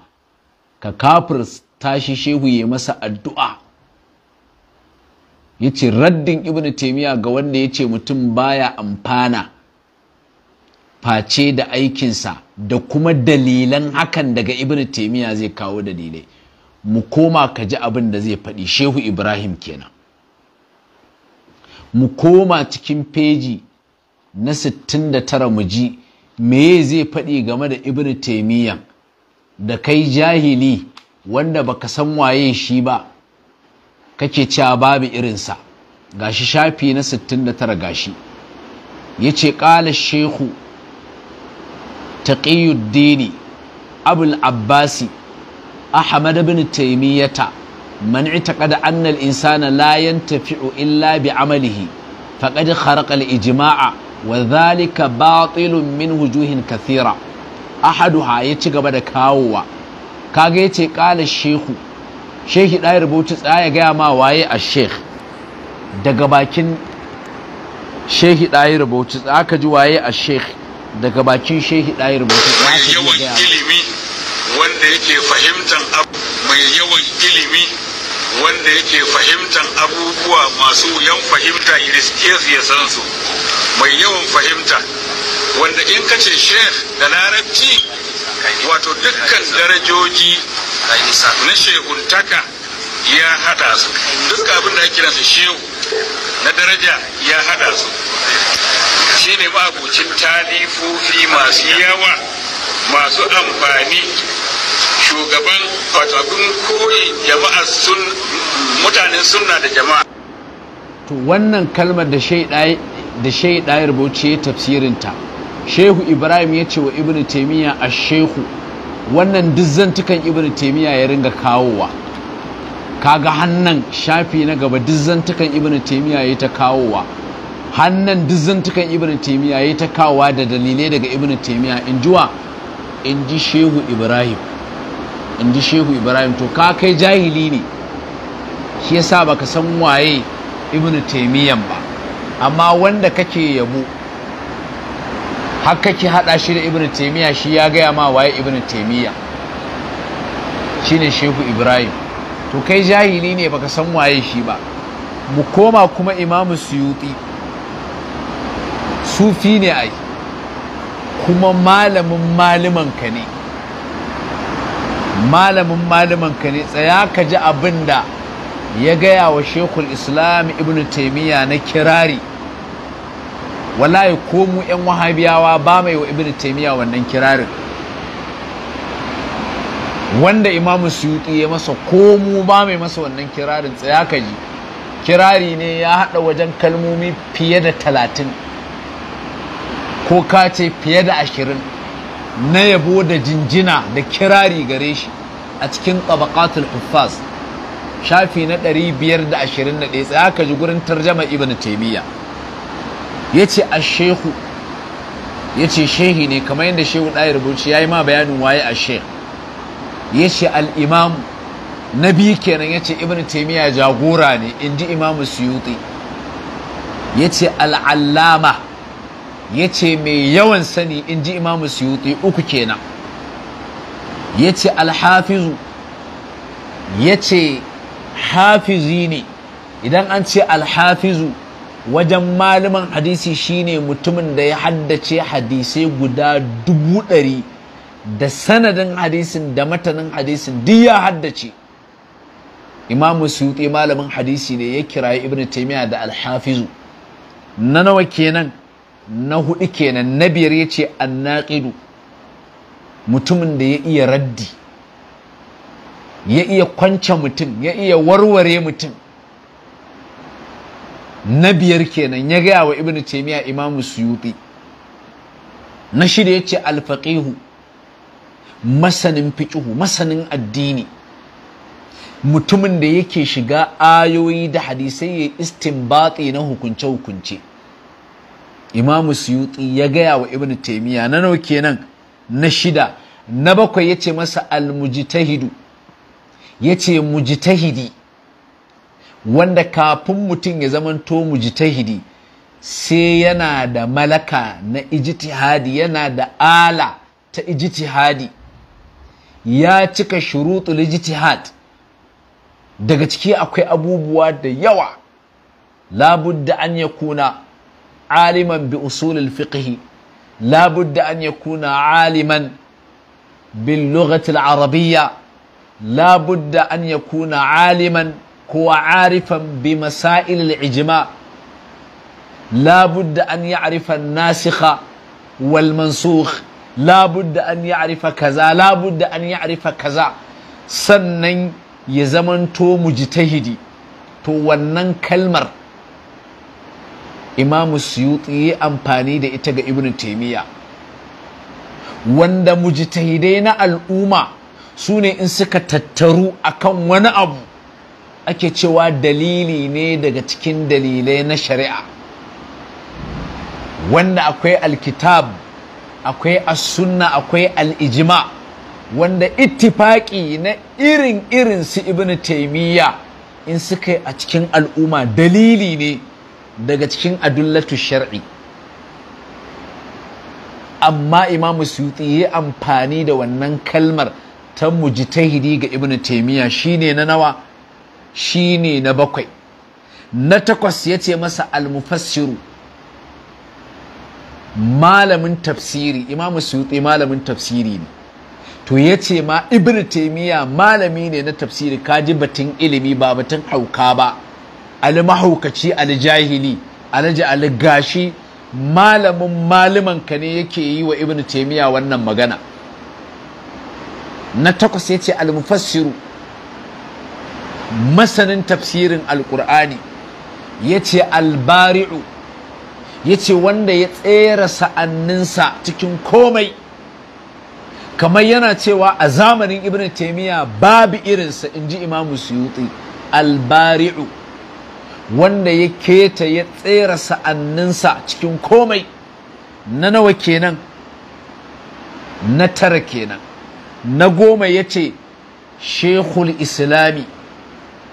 ka kafir tashi shehu ya masa addu'a Yace raddin ibn taimiyya ga wanda yace mutum baya amfana face da aikinsa da kuma dalilan hakan daga ibn taimiyya zai kawo dalilai mu koma ka ji abin da zai faɗi shehu ibrahim kenan mu koma cikin feji na 69 mu ji me zai faɗi game da ibn taimiyya da kai jahili wanda baka san waye shi ba kake cewa babu irinsa gashi shafi na 69 gashi yace ƙala shehu taqiyuddini abul abbasi ahmad ibn taimiyata man i'taqada anna al-insana la yantafi'u illa bi amalihi faqad kharaqa al-ijma'a wa ba batilun min wujuhin kathira ahaduha ya ci gaba da kawowa kaga yace qala shehu shehi da rubuci tsaya gaya ma waye a sheikh daga bakin shehi da rubuci aka ji waye a sheikh daga bakin shehi da rubuci tsaya yawan ilimi wanda yake fahimtan abu mai yawan ilimi wanda yake fahimtar abubuwa masu yan fahimta iris ya san su mai yawan fahimta wanda in ka ce shef da larabci wato dukkan darajoji na shehuntaka ya hada su duk abin da ake su shehu na daraja ya hada su shi ne mabucin talifofi masu yawa masu amfani shugaban wato abin koyi jama'ar sun mutanen sunna da jama'a to wannan kalmar da shaidai da shaidai rubuce ta shehu ibrahim ya ce wa ibnu taymiya ash shehu wannan dizzantukan ibnu taymiya ya ringa kawowa kaga hannan shafi na gaba dizzantukan ibnu taymiya ya ta kawowa hannan dizzantukan ibnu taymiya ya ta kawowa da dalilai daga ibnu taymiya injuwa inji shehu ibrahim in ji shehu ibrahim to ka kai jahili ne shi yasa baka san waye ibnu taimiyan ba amma wanda kake yabo har kake hada shi da ibnu taimiya shi ya gaya ma waye ibnu taimiya shine shehu ibrahim to kai jahili ne baka san waye shi ba mu koma kuma imamu suyuti sufi ne ai kuma malamin malimanka ne malamin malaman ka ne tsaya ka ji abin da ya gaya wa shekul islam ibn taimiyya na kirari wallahi ko mu 'yan wahabiyawa ba mai wa ibn taimiyya wannan kirarin wanda imamu suyuti ya masa ko mu ba mai masa wannan kirarin tsaya ka ji kirari ne ya haɗa wajen kalmomi fiye da talatin ko kace fiye da ashirin na yabo da jinjina da kirari gare shi a cikin ƙabaƙatul hufas shafi na 521 tsaye aka ji gurin tarjama ya ce a shehu Ya ce shehi ne kamar yadda shehu ɗaya rubuci yi ma bayanin waye ash Ya ce al'imam na biyu kenan ya ce Ibn Taimiyya jagora ne in inji imamu suyuti Ya ce al'allama yace mai yawan sani in ji imamu suyuti uku kenan yace alhafizu yace ce hafizi ne idan an ce alhafizu wajen malaman hadisi shine mutumin da ya haddace hadisai guda dubu ɗari da sanadin hadisin da matanin hadisin duk ya haddace imamu suyuti malamin hadisi ne ya kirayi ibn taimiyya da alhafizu na nawa kenan na hudu kenan na biyar ya ce annaƙidu mutumin da ya iya raddi ya iya kwance mutum ya iya warware mutum na biyar kenan ya gaya wa ibn taimiya imamu suyuti na shida ya ce alfaƙihu masanin fiƙihu masanin addini mutumin da yake shiga ayoyi da hadisai ya istinbati na hukunce-hukunce imamu suyuti ya gaya wa ibn taimiyya na nawa kenan na shida na bakwai ya ce masa almujitahidu ya ce mujitahidi wanda kafin mutum ya zamanto mujitahidi sai yana da malaka na Ijitihadi, yana da ala ta Ijitihadi, ya cika shurutul ijtihad daga ciki akwai abubuwa da yawa labudda an ya kuna aliman bi usulil fiqhi la budda an yakuna aliman bil lughati al arabiyya la budda an yakuna aliman ko arifan bi masail al ijma la budda an ya'rifa an nasikha wal mansukh la budda an ya'rifa kaza la budda an ya'rifa kaza sannan ya zamanto mujtahidi to wannan kalmar imamu suyuti ya amfani da ita ga ibn taimiyya wanda mujtahidai na al'umma su ne in suka tattaru akan wani abu ake cewa dalili ne daga cikin dalilai na shari'a wanda akwai alkitab akwai as-sunna akwai al-ijma wanda ittifaki na irin irin su ibn taimiyya in suka yi a cikin al'umma dalili ne daga cikin adullatu shar'i amma Imam suyuti ya amfani da wannan kalmar ta mujtahidi ga ibnu taimiyya shine na nawa shine na bakwai na takwas ya ce masa almufassiru malamin tafsiri Imam suyuti malamin tafsiri ne to ya ce ma ibnu taimiyya malami ne na tafsiri kaji batun ilimi ba batun hauka ba ali mahaukaci ali jahili alaji ali malamin maliman ka ne yake yi wa ibnu taimiya wannan magana na takwas yace ce almufassiru masanin tafsirin alkur'ani ya ce albari'u ya ce wanda ya tsera sa'anninsa cikin komai kamar yana cewa a zamanin ibnu taimiyya babu irinsa in ji imamu suyuti albari'u wanda ya keta ya tsera sa'anninsa cikin komai na nawa kenan na tara kenan na goma ya ce shekul islami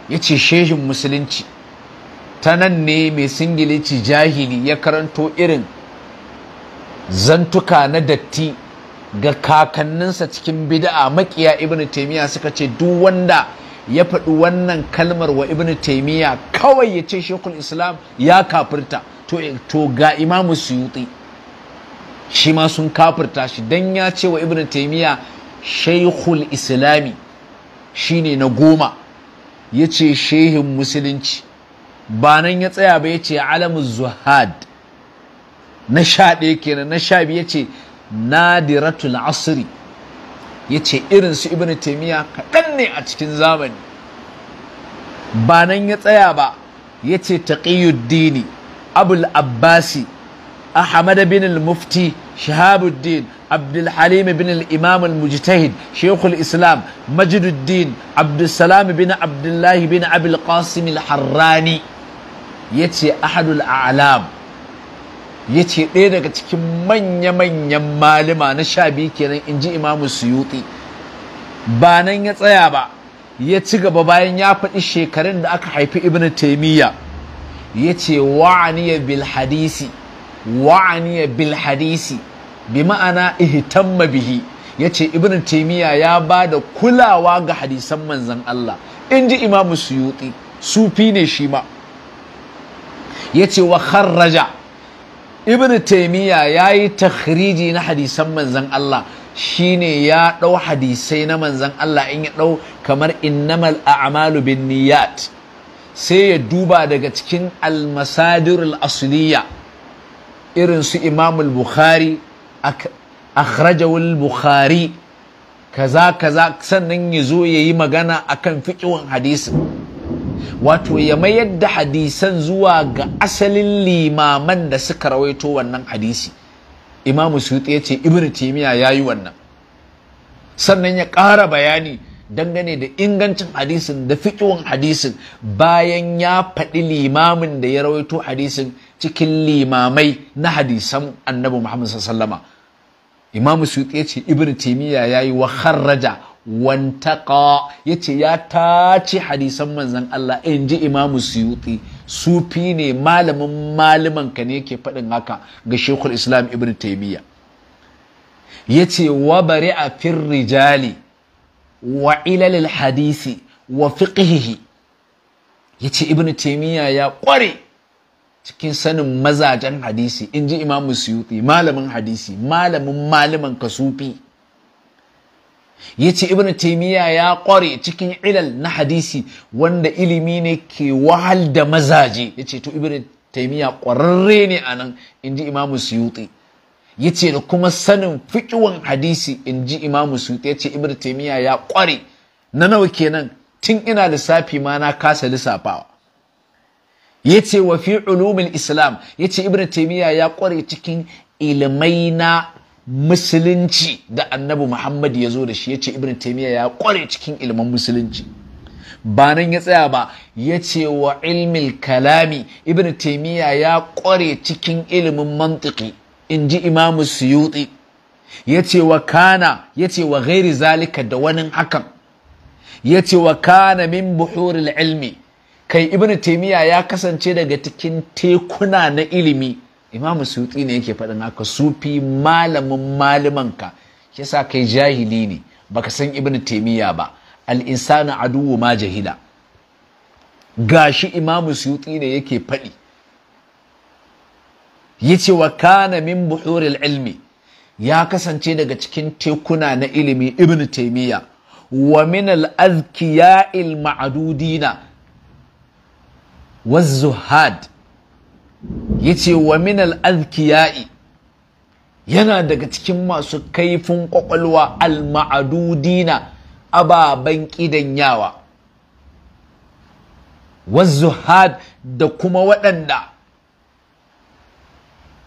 ya ce shehin musulunci ta nan ne mai singilici jahili ya karanto irin zantuka na datti ga kakanninsa cikin bida'a makiya ibn taimiyya suka ce duk wanda ya faɗi wannan kalmar wa ibn taimiyya kawai ya ce shekul islam ya kafirta to ga imamu suyuti shi ma sun kafirta shi don ya ce wa ibn taimiyya shekul islami ne na goma ya ce shehin musulunci ba nan ya tsaya ba ya ce alamu zuhad na sha kenan na sha biyu ya ce nadiratul asiri ya ce irinsu ibn taimiyya kaɗan ne a cikin zamani ba nan ya tsaya ba ya ce taqiyuddini abul abbasi ahmad bin al-mufti shahabuddin abdulhalim bin al-imam al-mujtahid shekul islam majiduddin abdulsalam bin abdullahi bin abul qasim al-harrani ya ce ahadul a'lam ya ce ɗaya daga cikin manya-manyan malima na sha biyu kenan in ji imamu suyuti ba nan ya tsaya ba ya ci gaba bayan ya faɗi shekarun da aka haifi ibn taimiyya ya ce wa'aniya bil hadisi wa'aniya bil hadisi bi ma'ana ihitan mabihi. ya ce ibn taimiyya ya ba da kulawa ga hadisan manzan Allah in ji imamu suyuti sufi ne shi ma ya ce wa kharraja ibn taimiyya ya yi takhriji na hadisan manzan Allah shi ne ya ɗau hadisai na manzan Allah in ya ɗau kamar innamal a'malu bin niyat sai ya duba daga cikin almasadir al'asuliya irin su imamul bukhari akhrajawul bukhari kaza kaza sannan ya zo ya yi magana akan fiƙiwan hadisin wato ya mayar da hadisan zuwa ga asalin limaman da suka rawaito wannan hadisi imam suyuti ya ce ibn timiya ya yi wannan sannan ya ƙara bayani dangane da ingancin hadisin da fiƙiwan hadisin bayan ya faɗi limamin da ya rawaito hadisin cikin limamai na hadisan annabi muhammad sallama imam suyuti ya ce ibn timiya ya yi wa kharraja wantaka yace ya tace hadisan manzan Allah in ji Imam Suyuti sufi ne malamin malamanka ne ke faɗin haka ga shekul Islam Ibn ya yace wa a fin rijali wa ilalil hadisi wa ya yace Ibn Taimiyya ya ƙware cikin sanin mazajen hadisi in ji Imam Suyuti malamin hadisi malamin malaman Sufi. Ya ce Ibn taimiyya ya kware cikin ilal na hadisi wanda ilimi ne ke wahal da mazaje Ya ce to Ibn taimiyya kwararre ne a nan in ji imamu suyuti ce da kuma sanin fikiwan hadisi in inji imamu suyuti ce Ibn taimiyya ya kware na nawa kenan tun ina lissafi ma na kasa lissafawa yace wa fi ulumin islam Ya ce Ibn taimiyya ya kware cikin ilimai na musulunci da annabi muhammad ya zo da shi ya ce ibn taimiyya ya kware cikin ilimin musulunci ba nan ya tsaya ba ya ce wa ilmin kalami ibn taimiyya ya kware cikin ilimin mantiki in ji imamu suyuti ya ce wa kana ya ce wa gairi zalika da wani hakan ya ce wa kana min buhuril ilmi kai ibn taimiyya ya kasance daga cikin tekuna na ilimi imamu suti ne yake faɗin haka sufi malamin malumanka shi sa kai jahili ne baka san ibn taimiyya ba al insanu aduwu ma jahila gashi imamu suti ne yake faɗi ce wa kana min buhuril ilmi ya kasance daga cikin tekuna na ilimi ibn taimiyya wa min al azkiya'il ma'adudina wa zuhad yace wa min al-azkiya'i yana daga cikin masu kaifin kwakwalwa al-ma'adudina yawa. kidanyawa wazuhad da kuma waɗanda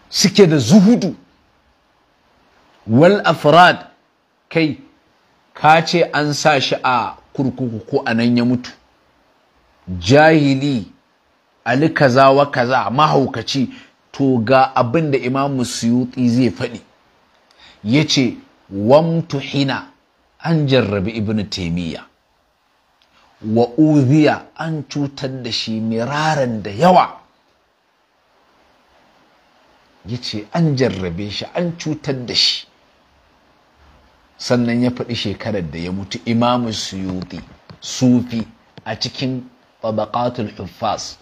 suke da zuhudu wal afrad kai ka ce an sa shi a kurkuku ko a nan ya mutu jahili ali kaza wa kaza mahaukaci to ga abin da imamu suyuti zai faɗi ya ce wamtuhina an jarrabi ibn taimiyya wa uziya an cutar da shi miraran da yawa ya ce an jarrabe shi an cutar da shi sannan ya faɗi shekarar da ya mutu imamu suyuti sufi a cikin tabaqatul huffaz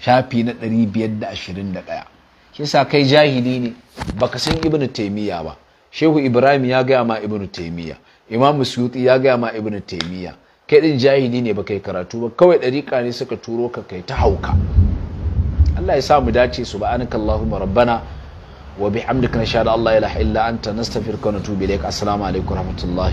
shafi na ɗari biyar da ashirin 521 shi sa kai jahili ne baka san ibnu taimiyya ba shehu ibrahim ya gaya ma ibnu taimiyya imam suyuti ya gaya ma ibnu taimiyya kai ɗin jahili ne baka yi karatu ba kawai dariƙa ne suka turo ka kai ta hauka Allah ya sa mu dace subhanaka allahumma rabbana wa bihamdika nashhadu an la ilaha illa anta nastaghfiruka wa natubu ilaik assalamu alaikum warahmatullahi